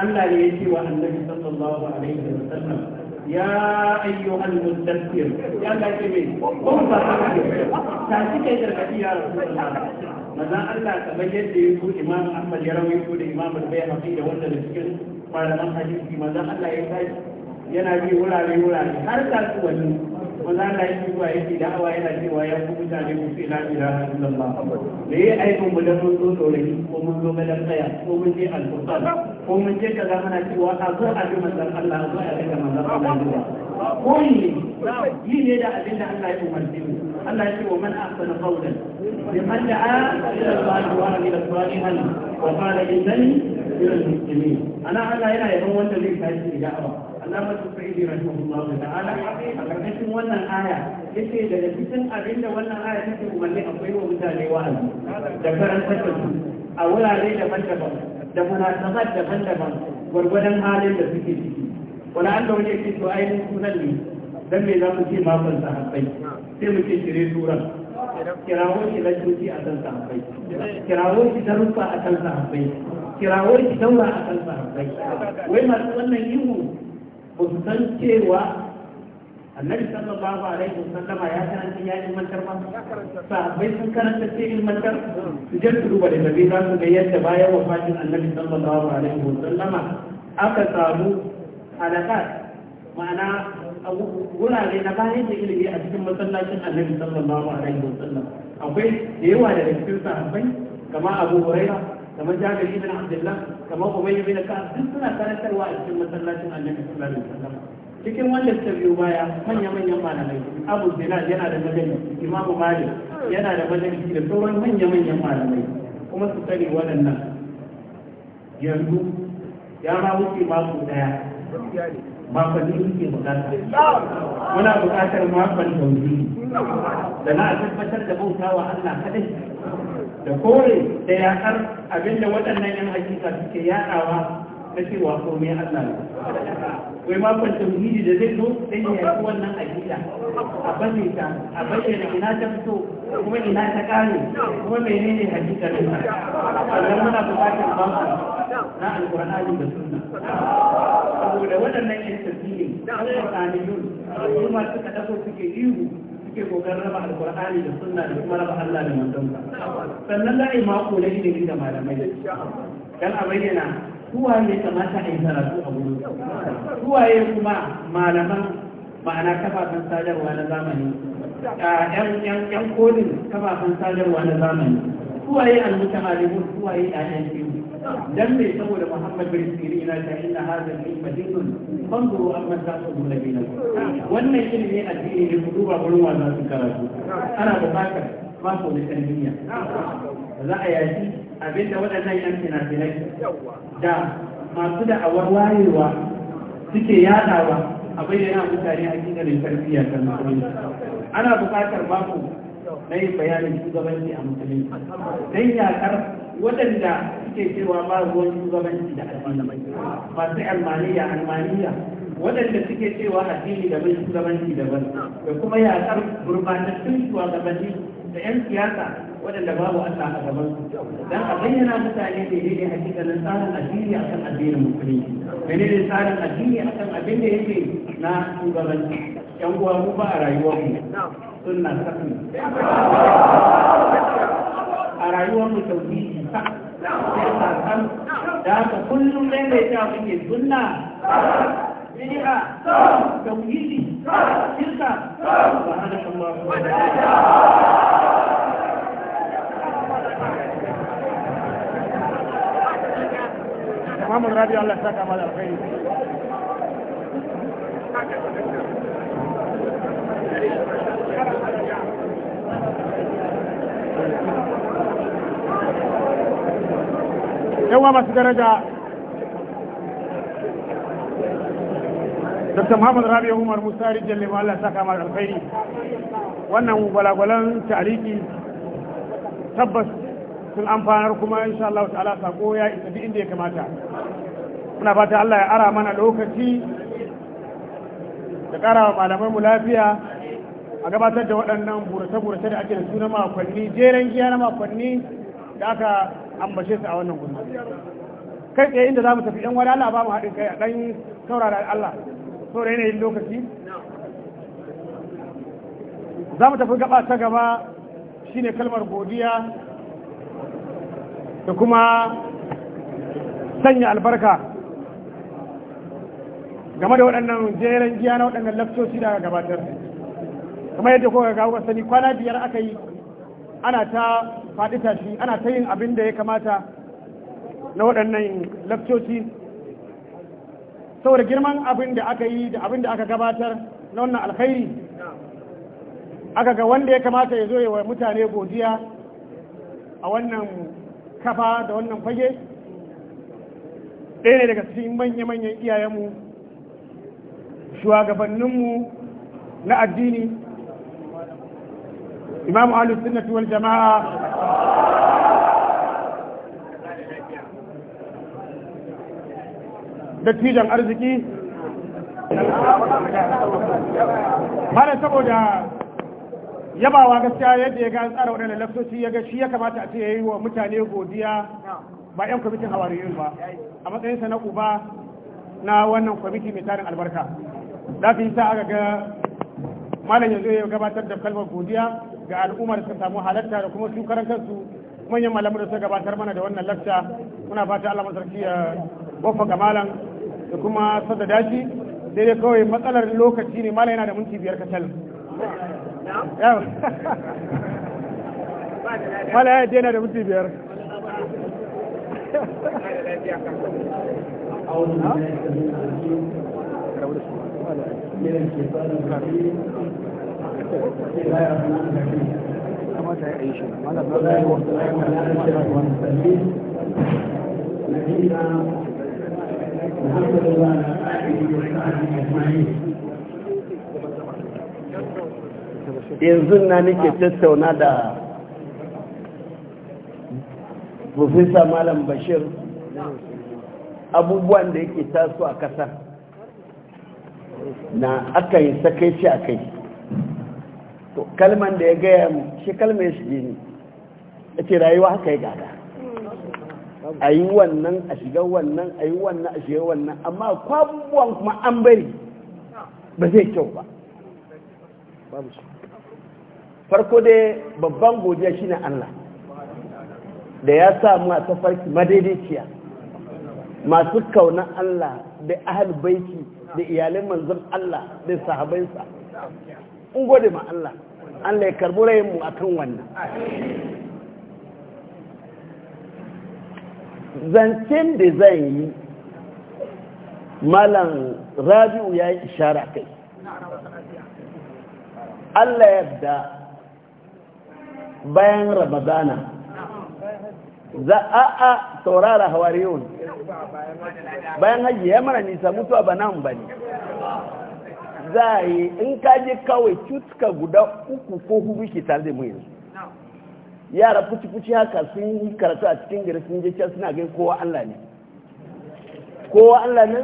Allah ne ya ce wa annabi sallallahu alaihi wa sallam ya ayyuhal mudaththir ya ga ce me ko ba ta ce ta ci kai gargadi ya rasulullah manzon Allah kamar yadda ya zo Imam Ahmad ya ko da Imam Al-Baihaqi da wanda da cikin malaman hadisi manzon Allah ya sai yana bi wurare wurare har kasuwanni manzon Allah ya zuwa yake da'awa yana cewa ya ku mutane ku fi la ilaha illallah me yayi ai mu da mun zo saurayi ko mun zo madan kaya ko mun je al-Qur'an ko mun je ka kaza mana cewa a zo a bi manzon Allah zo a ga manzon Allah ko ne yi ne da abin da Allah ya umarci Allah ya ce wa man ahsana qawlan لمن دعا الى الله وعمل صالحا وقال انني من المسلمين انا انا هنا يبون وانت ليس هذه الاجابه Alamar Sufaidi rahimahullahu ta'ala a ƙarƙashin wannan aya yace daga cikin abin wannan aya take umarni akwai wa mutane wa'azi da karantar da a wurare daban-daban da munasabat daban-daban gwargwadon halin da suke ciki wala an da wani yake to ai mun sunan ne dan me za mu ce makon sai kirawon shi lajoji a kan sahabbai kirawon shi darussa a kan sahabbai kirawon shi daura a kan sahabbai wai masu wannan mu ba su san cewa annabi sallallahu alaihi wasallama ya karanta ya ilmantar ba sahabbai sun karanta sai ilmantar su je su duba da nabi za su ga yadda bayan wafatin annabi sallallahu alaihi wasallama aka samu halakat ma'ana wurare na bayan da ilimi a cikin masallacin annabi sallallahu alaihi wasallam akwai da yawa daga cikin sahabbai kamar abu huraira kamar jabir ibn abdullah kamar ubayy ibn ka'ab duk suna karantarwa a cikin masallacin annabi sallallahu alaihi wasallam cikin wanda suka biyo baya manya manyan malamai abu bilal yana da majalisi imamu malik yana da majalisi da sauran manya manyan malamai kuma su sani waɗannan yanzu ya ma wuce mako daya makonni suke bukata muna bukatar makon tauhidi da na tabbatar da bautawa Allah kadai da kore da yakar abinda waɗannan yan hakika suke yaɗawa na cewa mai Allah ne wai ma kwanta muhidi da zai zo sai ya yi wannan aƙida a bane ta a bayyana ina ta fito kuma ina ta kare kuma menene hakikarin ta Allah muna buƙatar bamu na alƙur'ani da sunna saboda waɗannan yan tafiye na yun, kuma suka dafo suke ihu suke kokarin raba alkur'ani da sunna da kuma raba Allah da manzon sannan za a yi mako na ilimi da malamai dan a bayyana suwaye kamata a yi karatu a wurin suwaye kuma malaman ma'ana kafafen sadarwa na zamani a yan kodin kafafen sadarwa na zamani suwaye almutamalibun suwaye yan biyu dan mai saboda muhammad bin siri na ta inna hadha an dinun su amma bi na wannan ilimi addini ne ku duba wurin wa za su karatu ana buƙatar masu da duniya. za a yaki abinda waɗannan yan finafinai da masu da awar wayewa suke yadawa a bayyana mutane a cikin tarbiyya kan musulmi ana buƙatar mako na yin bayanin shugabanci a musulmi don yakar waɗanda suke cewa ba ruwan shugabanci da almalamai masu almaniya almaniya waɗanda suke cewa addini da bai shugabanci daban da kuma yakar gurbatattun shugabanni da 'yan siyasa waɗanda babu Allah a gaban su dan a bayyana mutane ne a cikin tsarin addini akan addinin musulmi menene tsarin addini akan abin da yake na shugabanci yan uwa mu ba a rayuwar mu sunna sakin a rayuwar mu tauhidi sa da haka kullum ɗaya mai ta muke sunna بدعة توحيدي شركة سبحانك اللهم وبحمدك محمد الراديو الله يسعدك على الخير يوم بس درجة دكتور محمد رابي عمر مستعد جل وعلا سكام الخيري وانا مبلغ ولن تعليقي تبس sun amfanar kuma insha Allah ta'ala sako ya isa duk inda ya kamata muna fata Allah ya ara mana lokaci da ƙara wa malaman mu lafiya a gabatar da waɗannan burace-burace da ake da su na makonni jeren giya na makonni da aka ambace su a wannan gudu kai tsaye inda za mu tafi yan wani Allah ba mu haɗin kai a ɗan saurara Allah saboda yanayin lokaci za mu tafi gaba ta gaba shine kalmar godiya da kuma sanya albarka game da waɗannan jeren giya na waɗannan laftoci da gabatar kuma yadda kuka ga sani kwana biyar aka yi ana ta faɗi tashi ana ta yin abin da ya kamata na waɗannan laftoci saboda girman abin da aka yi da abin da aka gabatar na wannan alkhairi aka ga wanda ya kamata ya zo ya wa mutane godiya a wannan kafa da wannan fage ɗaya ne daga cikin manya-manyan iyayenmu shugabanninmu na addini imamu ahlus na wal jama'a dattijan arziki da saboda yabawa gaskiya yadda ya ga tsara waɗannan laftoci ya ga shi ya kamata a ce ya yi wa mutane godiya ba 'yan kwamitin hawariyun ba a matsayinsa na uba na wannan kwamiti mai tarin albarka za ka yi sa aka ga malam yanzu ya gabatar da kalmar godiya ga al'ummar suka samu halatta da kuma su karantarsu manyan malamu da suka gabatar mana da wannan lafta muna fata Allah masarki ya ga malam da kuma sadda dashi daidai kawai matsalar lokaci ne malam yana da minti biyar kacal نعم ولا يدي أنا دمتي بيار نبينا أه؟ اجمعين yanzu na nike tattauna da profesa malam bashir abubuwan da yake taso a ƙasa na aka yi sakaici a kai to kalman da ya gaya shi kalmar shi ne a ce rayuwa haka ya gada a yi wannan a shiga wannan a yi wannan a shiga wannan amma kwabuwan kuma an bari ba zai kyau ba farko dai babban godiya shine Allah da ya sa mu a tafarki madaidaiciya masu kaunan Allah da ahal da iyalin manzon Allah da sahabansa in gode ma Allah Allah ya karbi rayinmu a kan wannan zancen da zan yi malam rabi'u ya yi ishara kai Allah ya yarda bayan ramadana za a a saurara hawariyun bayan hajji ya mara nisa mutuwa ba nan ba ne za a yi in kaje kawai cutuka guda uku ko hudu ke tare da mu yanzu yara fuci-fuci haka sun yi karatu a cikin gari sun je can suna gani kowa Allah ne kowa Allah ne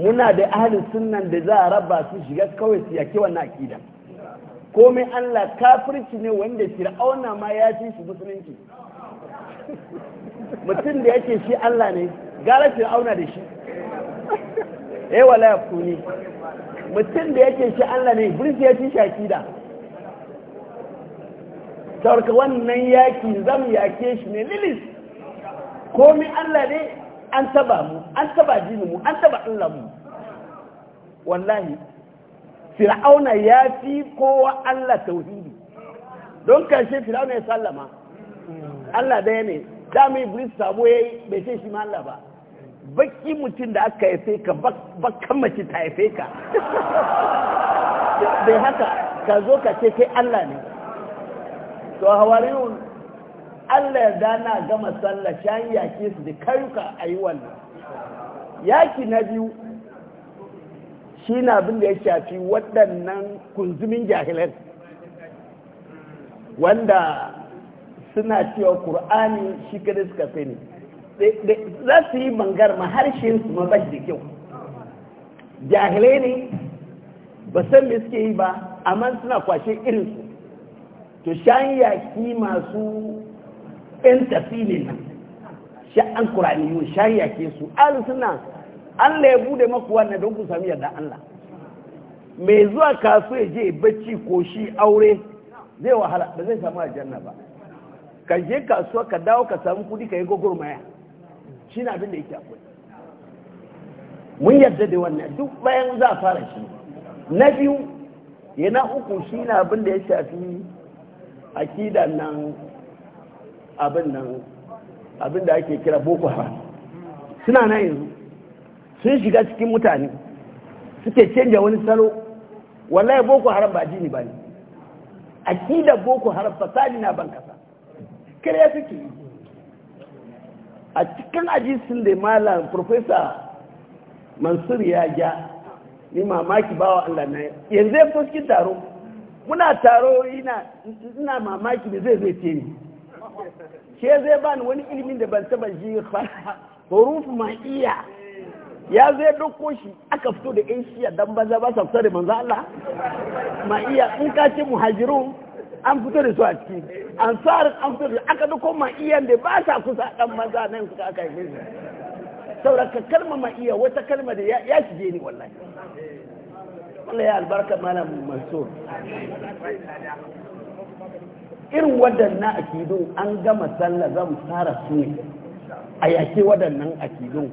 muna da ahalin sunan da za a raba su shiga kawai su yake wannan akidan komai Allah kafirci ne wanda fir'auna ma ya ci shi musulunci mutum da yake shi Allah ne gara fir'auna da shi eh wala ya kuni mutum da yake shi Allah ne iblis ya ci shakida sauraka wannan yaki zam yake shi ne lilis komai Allah ne an taba mu an taba jini mu an taba Allah mu wallahi fir'auna ya fi kowa Allah tauhidi don karshe fir'auna ya sallama Allah daya ne dama iblis sabo yi bai ce shi ma Allah ba baki mutum da aka haife ka bakan mace ta haife ka bai haka ka zo ka ce kai Allah ne to hawariyun Allah ya na gama sallah shan yake su da kayuka a yi wannan yaki na biyu shi na abin da ya shafi waɗannan kunzumin jahilai wanda suna cewa ƙur'ani shi kada suka sani za su yi bangar ma harshen su ma da kyau jahilai ne ba san me suke yi ba amma suna kwashe irinsu to shan yaki masu yan tafi ne nan sha'an ƙur'ani shan yake su alu suna Allah ya bude maku wannan don ku sami yarda Allah mai zuwa kasuwa je bacci ko shi aure zai wahala ba zai samu aljanna ba ka je kasuwa ka dawo ka samu kudi ka yi gwagwarmaya shi na abin da yake akwai mun yarda da wannan duk bayan za a fara shi na biyu ya na uku shi na abin da ya shafi akida nan abin nan abin da ake kira boko haram suna na yanzu sun shiga cikin mutane suke canja wani salo wallahi boko haram ba ni ba ne akidar boko haram fasadi na ban kasa kare suke yi a cikin ajisun da malam profesa mansur ya ja ni mamaki bawa allah na yanzu ya fuski taro muna taro ina mamaki da zai zai ce ni ke zai bani wani ilimin da ban taba ji ba huruf ma iya ya zai ɗauko shi aka fito da yan shiya dan banza ba sa da manzo Allah ma iya in ka ce muhajirun an fito da su a ciki ansar an fito da aka ɗauko ma iya da ba sa kusa dan banza nan suka aka yi su saboda ka kalma ma iya wata kalma da ya shige ni wallahi Allah ya albarka malam Mansur irin waɗannan akidun an gama sallah zan fara su ne a yake waɗannan akidun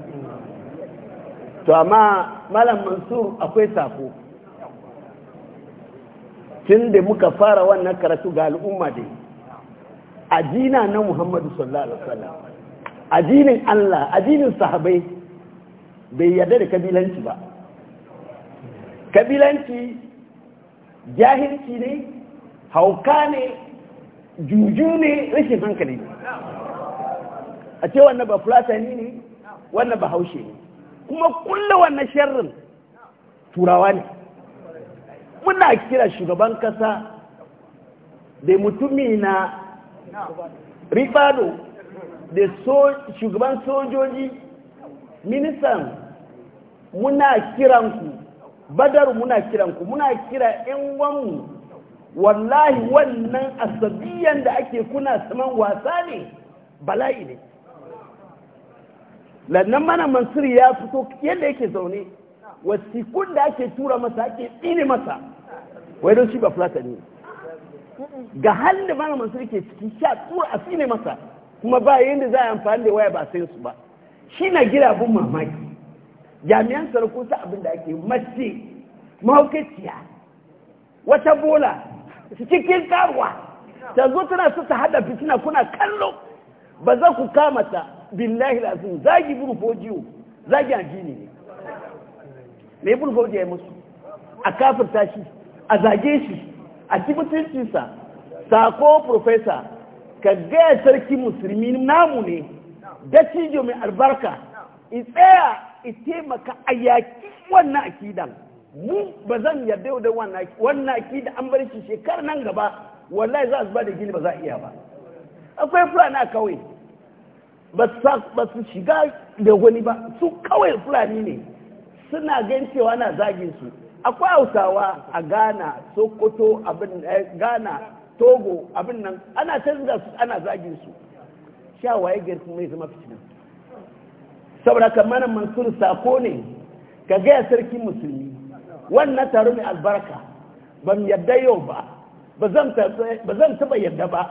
to amma malam mansur akwai sako tun da muka fara wannan karatu ga al'umma dai ajina na muhammadu sallallahu alaihi wasallam ajinin allah ajinin sahabai bai yarda da kabilanci ba kabilanci jahilci ne hauka ne juju ne rashin hankali ne a ce wannan ba fulatani ne wannan ba haushe ne kuma kulla wannan sharrin turawa ne muna kira shugaban kasa da mutumi na ribado da shugaban sojoji ministan muna kiranku badar muna kiranku muna kira 'yan wanmu wallahi wannan asabiyan da ake kuna saman wasa ne bala'i ne lannan mana mansur ya fito yadda yake zaune wasikun da ake tura masa ake tsine masa wai don shi ba fulata ne ga halin da mana mansur ke ciki sha tura a tsine masa kuma ba yadda za a amfani da waya ba sai su ba shi na gina abin mamaki jami'an tsaro kun sa abin da ake mace mahaukaciya wata bola cikin karuwa ta zo tana so ta hada fitina kuna kallo ba za ku kama ta billahi lazim zagi buru fojiyo zagi addini ne me buru fojiyo ya musu a kafirta shi a zage shi a kibitinsa sako profesa ka gaya sarki musulmi namu ne dattijo mai albarka in tsaya in taimaka a yaki wannan akidan mu ba zan yarda da wannan akida an bar shi shekar nan gaba wallahi za su ba da gini ba za a iya ba akwai fulani a kawai ba su shiga da wani ba su kawai fulani ne suna gan cewa na zagin su akwai hausawa a ghana sokoto abin eh, ghana togo abin nan ana canza su ana zagin su sha waye garki mai zama fitina saboda kamar mansur sako ne ka gaya sarki musulmi wannan taro mai albarka ban yadda yau ba ba zan taba yadda ba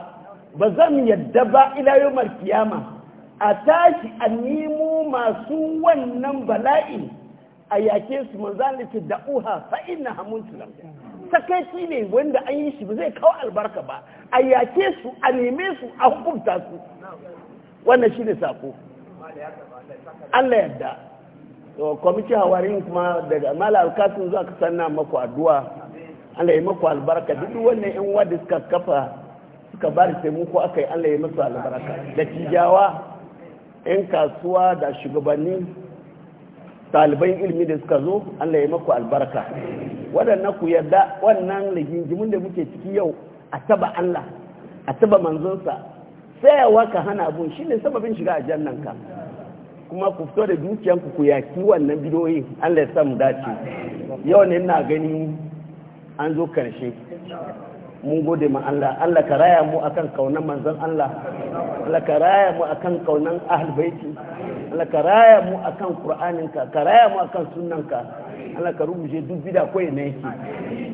ba zan yadda ba ila yau kiyama a tashi a nemo masu wannan bala'i a yake su manzalita da uha fa'in na hamuntula sakaici ne wanda an yi shi ba zai kawo albarka ba a yake su a neme su a hukunta su wannan shi ne sako allah yadda kwamitin hawarin kuma daga mala alkasun zuwa ka sanna maku addu'a allah ya maku albarka duk wannan yan wadda suka kafa suka bari taimako aka yi allah ya masu albarka da tijawa 'yan kasuwa da shugabannin ɗaliban ilimi da suka zo allah ya maku albarka waɗannan ku yarda wannan rigingimin da muke ciki yau a taba allah a taba manzonsa tsayawa ka hana abun shi ne sababin shiga a jan ka kuma ku fito da dukiyanku ku yaki wannan bidoyi allah ya samu dace yau ne ina gani an zo karshe mun gode ma Allah Allah ka raya mu akan kaunan manzon Allah Allah ka raya mu akan kaunan ahlul baiti Allah ka raya mu akan Qur'anin ka ka raya mu akan sunnan ka Allah ka rubuce duk bida koyi ne yake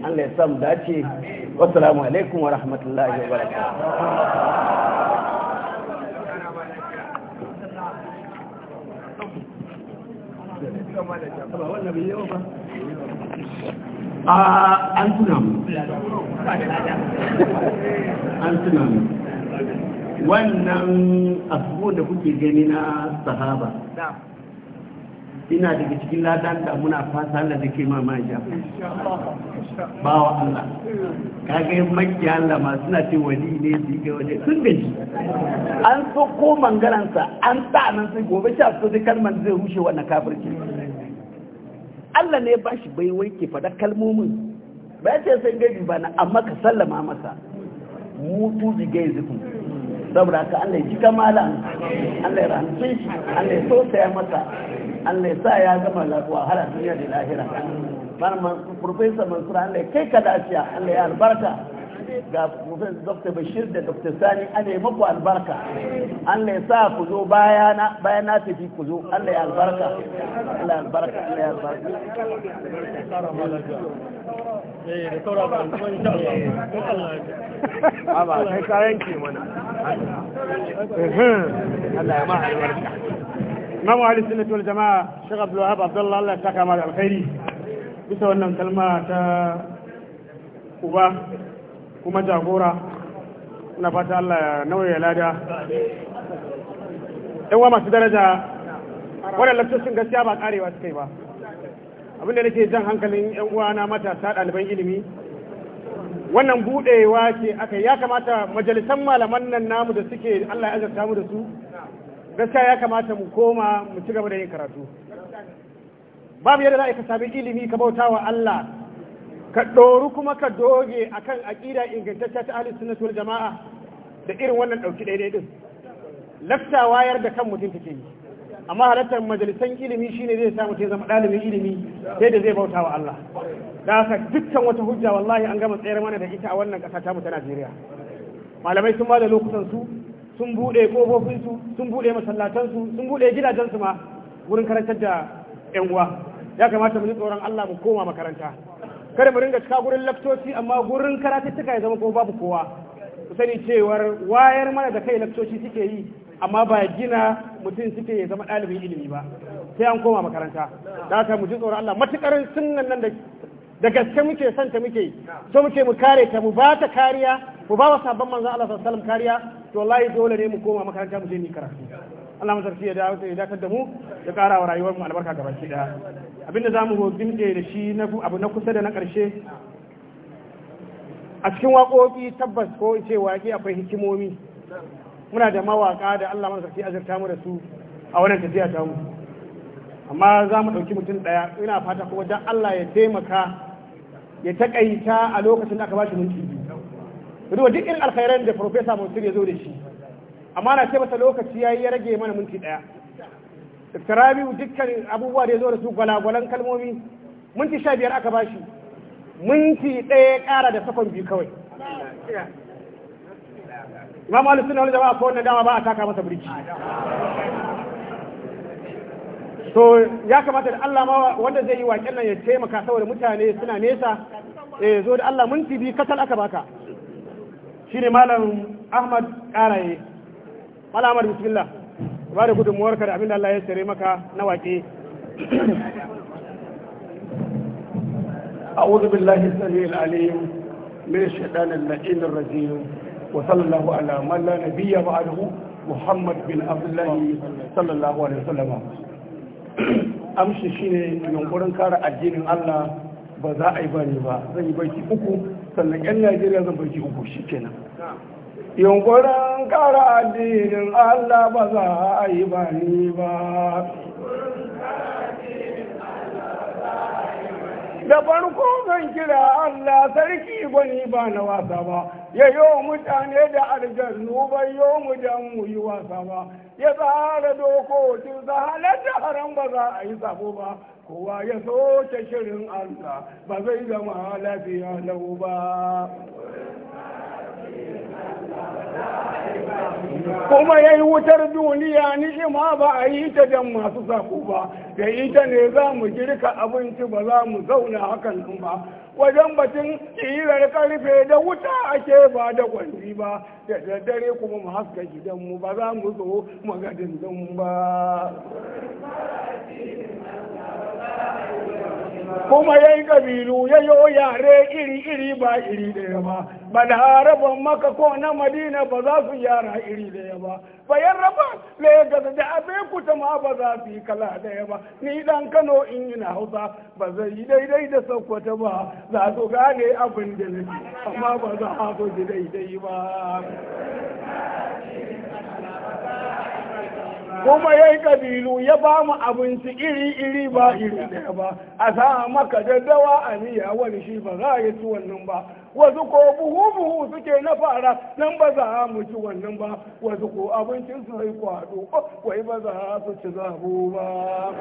Allah ya samu dace assalamu alaikum wa rahmatullahi wa barakatuh Thank you. a an tuna an tuna mu wannan abubuwan da kuke gani na sahaba ina daga cikin ladan da muna fasa Allah da ke mamaki ba wa Allah kaga yin maki Allah ma suna ce wani ne su yi waje sun gaji an so ko mangaransa an sa nan sai gobe sha so sai kalmar zai rushe wannan kafirci Allah ne ba shi bai wai fada kalmomin ba ya ce sai gaji ba na amma ka sallama masa mutu ji gai zuku saboda ka Allah ya ji kamala Allah ya rahantun shi Allah ya ya masa Allah ya sa ya gama lafiya har duniya da lahira. Barman Profesa Mansur Allah ya kai ka shi Allah ya albarka ga professor dr bashir da dr sani ana yi maku albarka allah ya sa ku zo bayana bayan na tafi ku zo allah ya albarka allah ya albarka allah ya albarka Aba, kai kayan ke mana. Allah ya ma albarka. Mamu Ali Sunnatu wal Jama'a, Sheikh Abdul Wahab Abdullah Allah ya saka ma da alkhairi. Bisa wannan kalma ta uba kuma jagora na fata Allah ya ya lada yan wa masu daraja wannan lakcocin gaskiya ba karewa su kai ba abinda nake jan hankalin yan na matasa ɗaliban ilimi wannan buɗewa ce aka ya kamata majalisan malaman nan namu da suke Allah ya azarta mu da su gaskiya ya kamata mu koma mu ci gaba da yin karatu babu yadda za a ka sami ilimi ka bauta wa Allah ka ɗoru kuma ka doge akan aƙida ingantacce ta ahli sunnah wal jama'a da irin wannan ɗauki daidai din lafta wayar da kan mutum take yi amma halartar majalisan ilimi shine zai sa mutum zama ɗalibin ilimi sai da zai bauta wa Allah da haka dukkan wata hujja wallahi an gama tsayar mana da ita a wannan ƙasa ta mu ta Najeriya malamai sun bada lokutan su sun bude kofofin su sun bude masallatan su sun bude gidajen su ma wurin karantar da yan uwa ya kamata mu ji tsoron Allah mu koma makaranta kada mu ringa cika gurin laktoci amma gurin karatuttuka ya zama ko babu kowa ku sani cewar wayar mana da kai laktoci suke yi amma ba gina mutum suke ya zama ɗalibin ilimi ba sai an koma makaranta da haka mu ji tsoron Allah matukar sunnan nan da da gaske muke son ta muke so muke mu kare ta mu ba ta kariya mu ba wa sabon manzon Allah sallallahu alaihi wasallam kariya to wallahi dole ne mu koma makaranta mu je mu karatu Allah mu sarki ya dawo ya dakatar da mu ya ƙara wa rayuwar mu albarka gaba ki abin abinda zamu gimtse da shi na abu na kusa da na karshe a cikin waƙoƙi tabbas ko ce waƙe akwai hikimomi muna da mawaƙa da Allah mu sarki azurta mu da su a wannan tafiya ta mu amma za mu ɗauki mutum ɗaya ina fata ko dan Allah ya taimaka ya taƙaita a lokacin da aka ba shi minti biyu duk irin alkhairan da Profesa Mansur ya zo da shi amma na ce masa lokaci yi ya rage mana minti daya tarabi dukkan abubuwa da ya zo da su gwalagwalan kalmomi minti sha biyar aka bashi minti ɗaya ƙara da sakon biyu kawai imam alu suna wani jama'a ko wannan dama ba a taka masa birki so ya kamata da Allah ma wanda zai yi waƙen nan ya taimaka saboda mutane suna nesa eh zo da Allah minti biyu katal aka baka shine malam Ahmad Karaye malamar bismillah ba da gudunmuwar da abin da Allah ya tsare maka na waƙe أعوذ بالله السميع العليم من الشيطان اللعين الرجيم وصلى الله على من لا نبي بعده محمد بن عبد الله صلى الله عليه وسلم amshi kare addinin Allah ba za a yi bane ba zan yi baiki uku sannan yan Najeriya zan baiki uku shi kenan yunkurin kara addinin Allah ba za a yi ba ni ba da farko zan kira Allah sarki gwani ba na wasa ba ya yi wa mutane da aljannu ba yi mu dan mu yi wasa ba ya tsara dokokin sa halatta haram ba za a yi sabo ba kowa ya soke shirin Allah ba zai zama lafiya lau ba kuma ya yi wutar duniya ni'ima ba a yi ta don masu saku ba da ita ne za mu girka abinci ba za mu zauna hakan nan ba wajen batun tsirar karfe da wuta ake ba da kwanci ba da daddare kuma mu haska gidanmu ba za mu zo magadin ba kuma ya yi ƙabilu ya yi yare iri-iri ba iri ɗaya ba ba da haraban maka ko na madina ba za su yara iri ɗaya ba bayan raba lagos da abekuta ma ba za su yi kala ɗaya ba ni dan kano in yi na hausa ba zai yi daidai da sokoto ba za su gane abin da nake amma ba za a daidai ba kuma ya yi ƙabilu ya ba mu abinci iri-iri ba iri ɗaya ba a sa maka daddawa a miya wani shi ba za a yi ci wannan ba wasu ko buhu-buhu suke na fara nan ba za mu ci wannan ba wasu ko abincin su sai kwado oh, wai ba za su ci zabo ba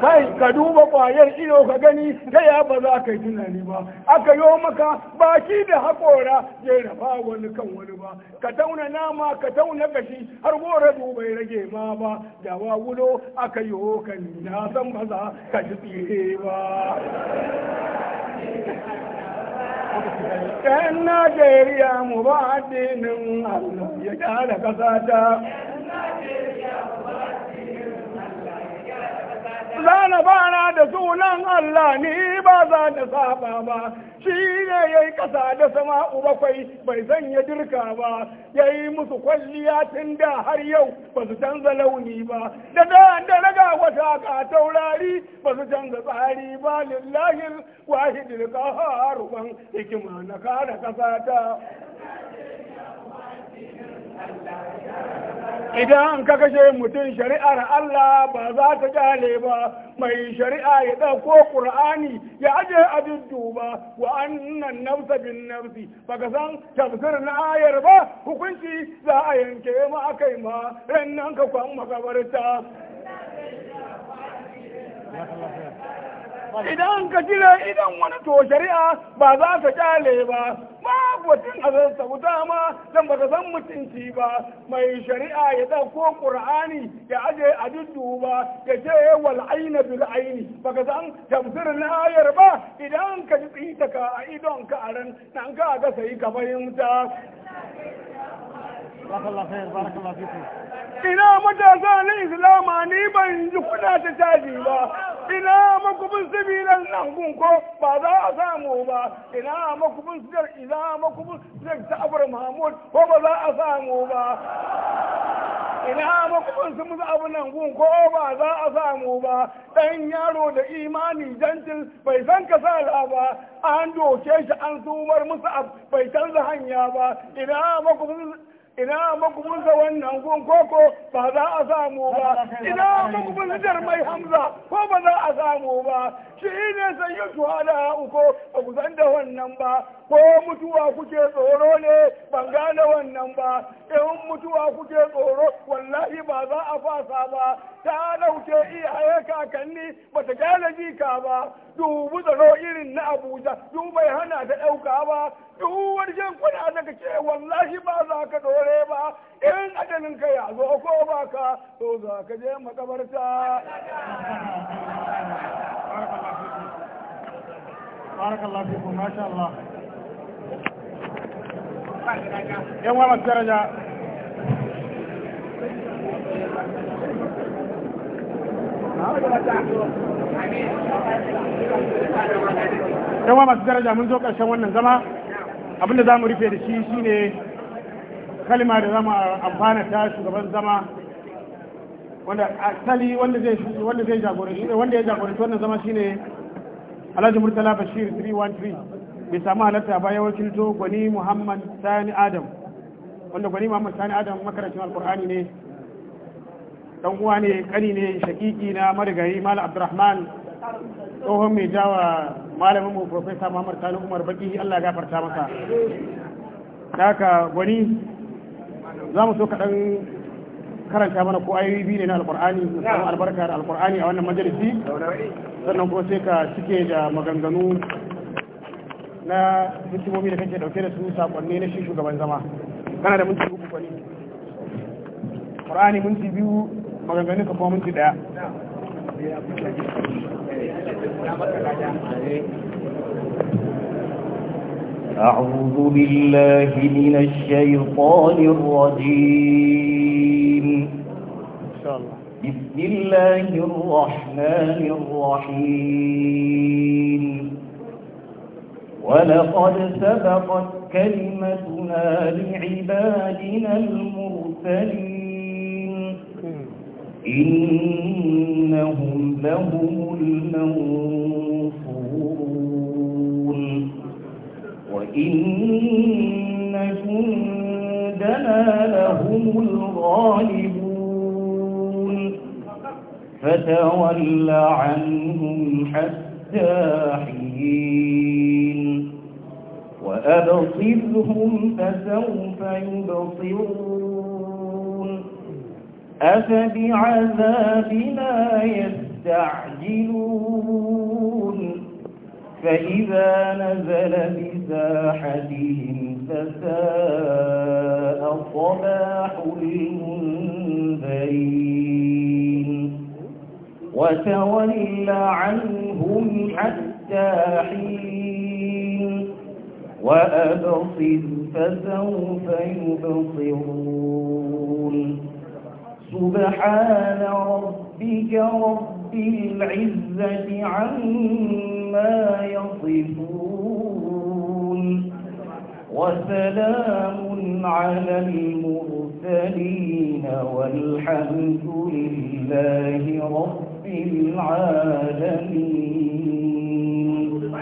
kai ka duba kwayar ido ka gani ta ya ba za ka yi tunani ba aka yo maka baki da haƙora ya rafa wani kan wani ba ka tauna nama ka tauna gashi har gora bai rage ma ba da wa wulo aka yi hokan na san ba za ka ji tsire ba ‘yan Najeriya mu ba addinin Allah ya ƙara ƙasa ta. zana bana da sunan Allah ni ba za ta saba ba shi ne ya yi ƙasa da sama bakwai bai sanya dirka ba ya yi musu kwalliya tun da har yau ba su canza launi ba da da da raga wata ka taurari ba su canza tsari ba lillahi wahidil qahar ban hikima na kara kasa ta idan ka kashe mutum shari'ar Allah ba za ta kyale ba mai shari'a ya ɗauko ƙur'ani ya aje abin ba, wa annan nafsa bin nafsi ka san tafsir na ayar ba hukunci za a yanke ma akai ma rannan ka kwan makabarta idan ka jire idan wani to shari'a ba za ka kyale ba babu mutum a zasta wuta ma don ba ta san mutunci ba mai shari'a ya ɗauko ƙur'ani ya aje a ba ya ce wal aina bil aini ka san na ayar ba idan ka ji tsita ka a idon ka a ran nan ka ga sai ka fahimta ina matasa na islama ni ban ji kuna ta caji ba ina makubin sibilan nan gunko ba za a samu ba ina makubin sijar ina makubin sijar ta abar mahmud ko ba za a samu ba ina makubin su musu abu nan gunko ba za a samu ba ɗan yaro da imani jantin bai san ka kasala ba an doke shi an sumar musu bai canza hanya ba ina makubin ina makumunsa wannan gun koko ba za a samu ba ina makumunsa jarmai hamza ko ba za a samu ba shi ne sanya shuhada uku ba ku da wannan ba ko mutuwa kuke tsoro ne ban gane wannan ba in mutuwa kuke tsoro wallahi ba za a fasa ba ta dauke iyaye kakanni ba ta gane jika ba dubu tsaro irin na abuja duk bai hana ta ɗauka ba duk wajen kuna daga ce wallahi ba za ka dore ba in adalin ka ya zo ko ba ka to za ka je makabarta بارك الله masu daraja mun zo ƙarshen wannan zama abinda za mu rufe da shi shine kalima da zama amfana ta shugaban zama wanda asali wanda zai wanda zai jagoranci wanda ya jagoranci wannan zama shine Alhaji Murtala Bashir 313 bai samu halatta ba ya wakilto gwani Muhammad Sani Adam wanda gwani Muhammad Sani Adam makarantun Alkur'ani ne dan uwa ne kani ne shakiki na marigayi Malam Abdulrahman tsohon mai jawa malamin mu Professor Muhammad Sani Umar Baki Allah ya gafarta masa haka gwani za mu so kaɗan karanta mana ko ayoyi biyu ne na alkur'ani musamman albarka da alkur'ani a wannan majalisi sannan kuma sai ka cike da maganganu na hikimomi da kake dauke da su sakonni na shi shugaban zama kana da minti uku kwani qur'ani minti biyu maganganu ka kuma minti daya أعوذ بالله من الشيطان الرجيم الرحيم بسم الله الرحمن الرحيم ولقد سبقت كلمتنا لعبادنا المرسلين إنهم لهم المنصورون وإن جند ربنا لهم الغالبون فتول عنهم حتى حين وأبصرهم فسوف يبصرون أفبعذابنا يستعجلون فإذا نزل بساحتهم فساء صباح المنذرين وتول عنهم حتى حين وأبصر فسوف يبصرون سبحان ربك رب العزة عما يصفون وسلام على المرسلين والحمد لله رب العالمين بسم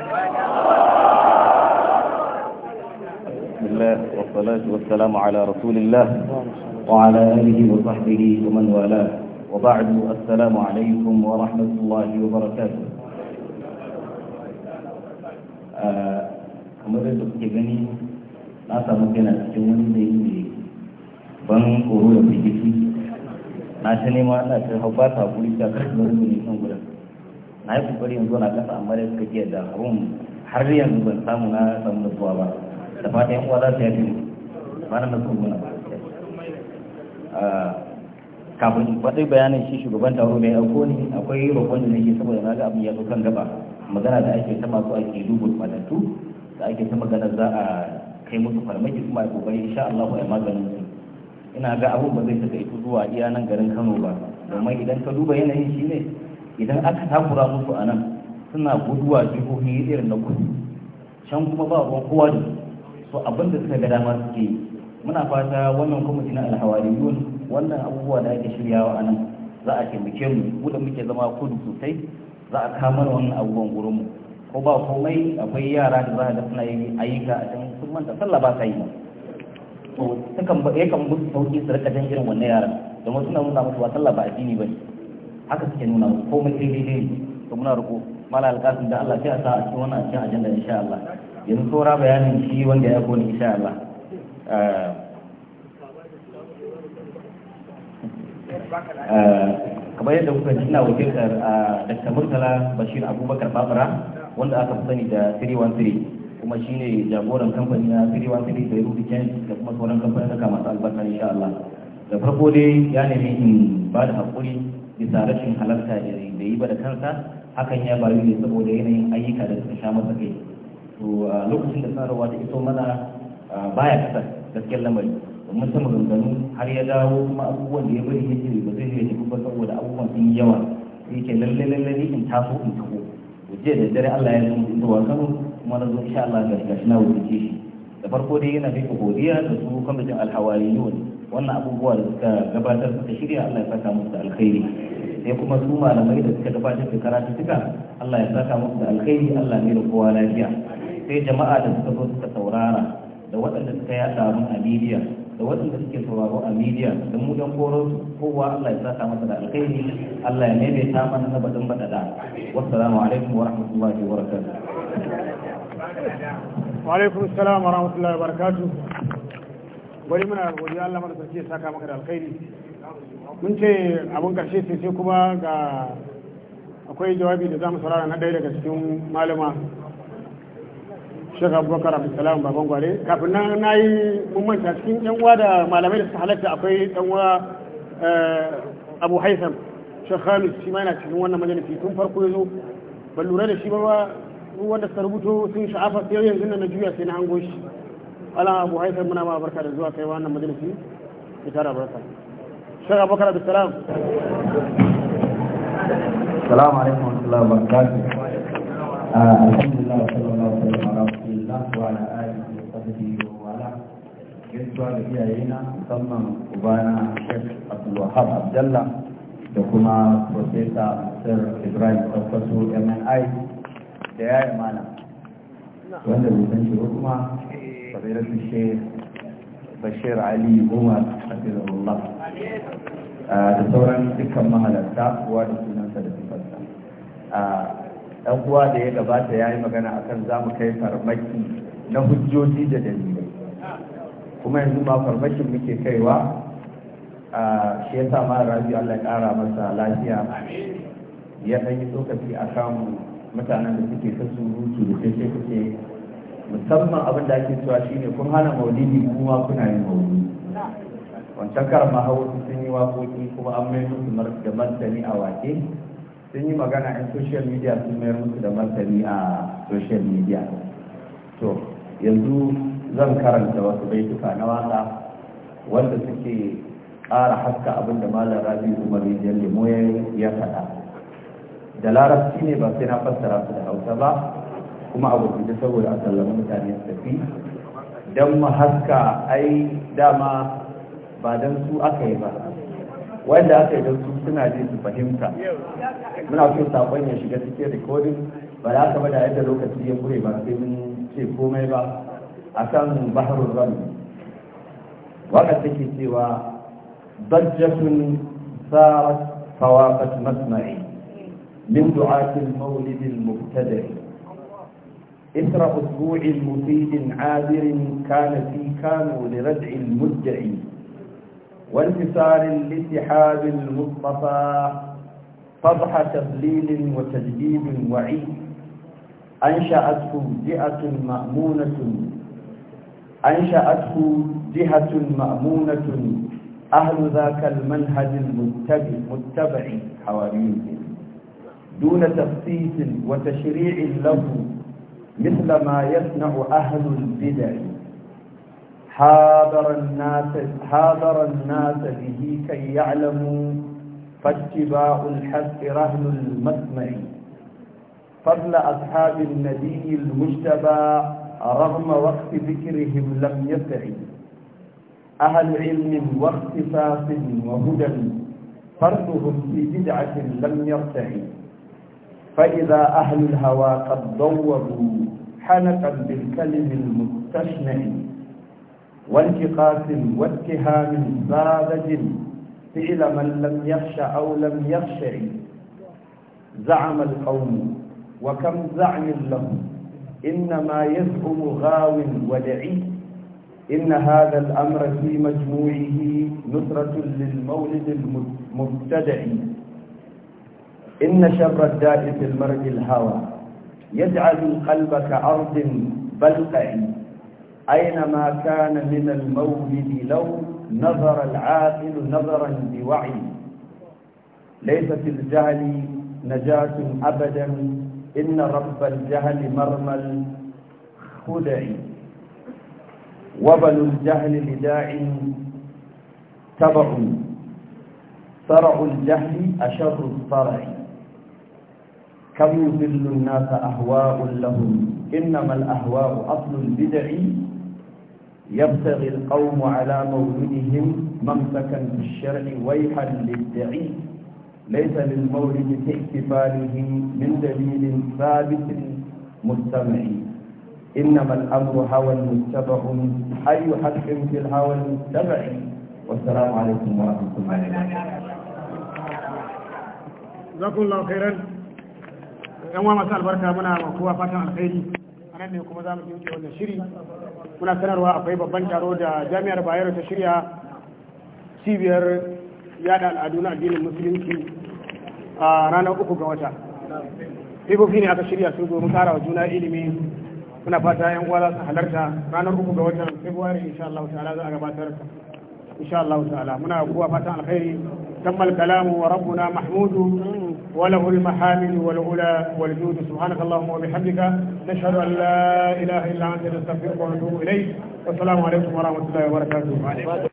الله والصلاة والسلام على رسول الله وعلى آله وصحبه ومن والاه وبعد السلام عليكم ورحمة الله وبركاته untuk kita الدكتور na samu gina cikin wani da yi mai ban koro da firgiti na ta nema ana ta hau ba ta kuri ta karɓar da ne kan gudan na yi kokari yanzu na kasa amma da suka jiya da abun har yanzu ban samu na samu zuwa ba da fata yan uwa za su yafi ba na nutsuwa gona ah, kafin faɗi bayanin shi shugaban taro mai auko ne akwai roƙon da nake saboda na ga abin ya zo kan gaba magana da ake ta masu ake dubu matattu da ake ta magana za a kai musu farmaki kuma ya kokari insha Allah ya maganin su ina ga abun ba zai saka ita zuwa iya nan garin Kano ba domin idan ka duba yanayin shi ne idan aka takura musu a nan suna guduwa jihohi irin na kudu can kuma ba ruwan kowa da so abin da suka ga dama suke yi muna fata wannan kwamiti na alhawariyun wannan abubuwa da ake shiryawa a nan za a taimake mu mu da muke zama kudu sosai za a kamar wannan abubuwan gurin mu ko ba komai akwai yara da za a ga suna yin ayyuka a can manta sallah ba sa yi ba to sukan ya kan musu sauki su rika jan irin wannan yaran domin suna nuna musu ba sallah ba addini ba haka suke nuna musu komai dai ne to muna riko mala alƙasin da Allah sai a sa a cikin wannan cikin ajanda insha Allah yanzu saura bayanin shi wanda ya goni insha Allah eh, eh, kamar yadda kuka ji ina wakiltar eh, Dr. Murtala Bashir Abubakar Babura wanda aka fi sani da 313 kuma shi ne jagoran kamfani na 313 da Gens da kuma sauran kamfanin da masu albarka insha Allah da farko dai ya nemi in ba da haƙuri bisa rashin halarta da yi ba da kansa hakan ya bari ne saboda yanayin ayyuka da suka sha masa kai to lokacin da tsarawa ta iso mana baya kasa gaskiyar lamari mun san maganganu har ya dawo kuma abubuwan da ya bari ya ce ba zai iya tafi ba saboda abubuwan sun yawa sai ke lalle lalle in taso in taho jiya da dare Allah ya zama in tawa kano kuma na zo insha Allah ga shi na wuce shi da farko dai yana bai godiya da su kwamitin alhawariyun wannan abubuwa da suka gabatar suka shirya Allah ya saka musu da alkhairi sai kuma su malamai da suka gabatar da karatuka Allah ya saka musu da alkhairi Allah ne da kowa lafiya sai jama'a da suka zo suka saurara da waɗanda suka yaɗa abin a media da waɗanda suke sauraro a media da mu ɗan koro kowa Allah ya saka masa da alkhairi Allah ya ta mana na baɗin baɗaɗa wassalamu alaikum wa rahmatullahi wa barakatuh wa salam wa rahmatullahi wa barakatu. Gwari muna godiya Allah mara sarki ya saka maka da alkhairi mun ce abun karshe sai sai kuma ga akwai jawabi da zamu saurara na ɗaya daga cikin malama Sheikh Abubakar Abdulsalam baban gware kafin nan na yi mun manta cikin yan uwa da malamai da suka halatta akwai dan uwa eh, Abu Haitham Shekaru shi ma yana cikin wannan majalisi tun farko zo. ban lura da shi ba su wanda suka rubuto sun sha'afa sai yanzu na juya sai na hango shi ala abu haifar muna ma barka da zuwa kai wannan majalisi ki tara barka shaka bakar da salam salamu alaikum wa rahmatullahi wa barakatuh ah, alhamdulillah wa sallallahu alaihi wa rasulillah wa ala alihi wa sahbihi wa wala gaisuwa da iyayena musamman ubana Sheikh Abdul Wahab Abdullah da kuma Professor Sir Ibrahim Kwakwaso MNI da ya yi mana wanda bai san shi ba kuma fadilatu shi bashir ali umar Allah, ah, da sauran dukkan mahalarta kuwa da sunansa da sifarsa ɗan ah, kuwa da ya gabata ya yi magana akan za mu kai farmaki na hujjoji da dalilai kuma yanzu ma farmakin muke kaiwa a ah, shi ya sa mara rabi Allah ya ƙara masa lafiya ya ɗan yi tsokaci a samun mutanen da suke ta surutu da sai kuke musamman abin da ake cewa shine kun hana maulidi kuma kuna yin maulidi wancan karan ma sun yi waƙoƙi kuma an mai musu da martani a wake sun yi magana a social media sun mayar musu da martani a social media to yanzu zan karanta wasu baituka na waka wanda suke ƙara haska abinda da malam rabi umar ya lemo ya faɗa da larabci ne ba sai na fassara su da hausa ba kuma a rubuce saboda a sallama mutane su tafi don mu haska ai dama ba don su aka yi ba wanda aka yi don su suna jin su fahimta muna so sakon ya shiga cikin rikodin ba za ka bada yadda lokaci ya kure ba sai mun ce komai ba a kan baharun rami waka take cewa bajjatun sarar fawaqat masma'i من دعاة المولد المبتدئ إثر أسبوع مفيد عابر كان في كانوا لردع المدعي وانتصار لاتحاد المصطفى فضح تضليل وتجديد وعي أنشأته جهة مأمونة أنشأته جهة مأمونة أهل ذاك المنهج المتبع حواليهم دون تخصيص وتشريع له مثل ما يصنع أهل البدع حاضر الناس حاضر الناس به كي يعلموا فاتباع الحق رهن المسمع فضل أصحاب النبي المجتبى رغم وقت ذكرهم لم يسع أهل علم واختصاص وهدى فرضهم في بدعة لم يرتعي فإذا أهل الهوى قد ضوبوا حنقا بالكلم المستشنع وانتقاس واتهام ساذج فعل من لم يخش أو لم يخشع زعم القوم وكم زعم لهم إنما يزعم غاو ودعي إن هذا الأمر في مجموعه نصرة للمولد المبتدع إن شر الداء في المرء الهوى يجعل القلب كأرض بلقع أينما كان من المولد لو نظر العاقل نظرا بوعي ليس في الجهل نجاة أبدا إن رب الجهل مرمى الخدع وبل الجهل لداع تبع صرع الجهل أشر الصرع كم يضل الناس أهواء لهم إنما الأهواء أصل البدع يبتغي القوم على مولدهم ممسكا بالشرع ويحا للدعي ليس للمولد في احتفاله من دليل ثابت مستمع إنما الأمر هوى المتبع أي حق في الهوى المتبع والسلام عليكم ورحمة الله وبركاته جزاكم الله خيرا yan wa masu albarka muna makuwa fatan alkhairi a nan ne kuma za mu yi wannan shiri muna sanarwa akwai babban taro da jami'ar bayero ta shirya cibiyar yada al'adu na addinin musulunci a ranar uku ga wata fifofi ne aka shirya su mu tsara wa juna ilimi muna fata yan uwa za su halarta ranar uku ga watan february insha Allah ta'ala za a gabatar إن شاء الله تعالى منا هو فتح الخير تم الكلام وربنا محمود وله المحامد والعلا والجود سبحانك اللهم وبحمدك نشهد أن لا إله إلا أنت نستغفرك ونتوب إليك والسلام عليكم ورحمة الله وبركاته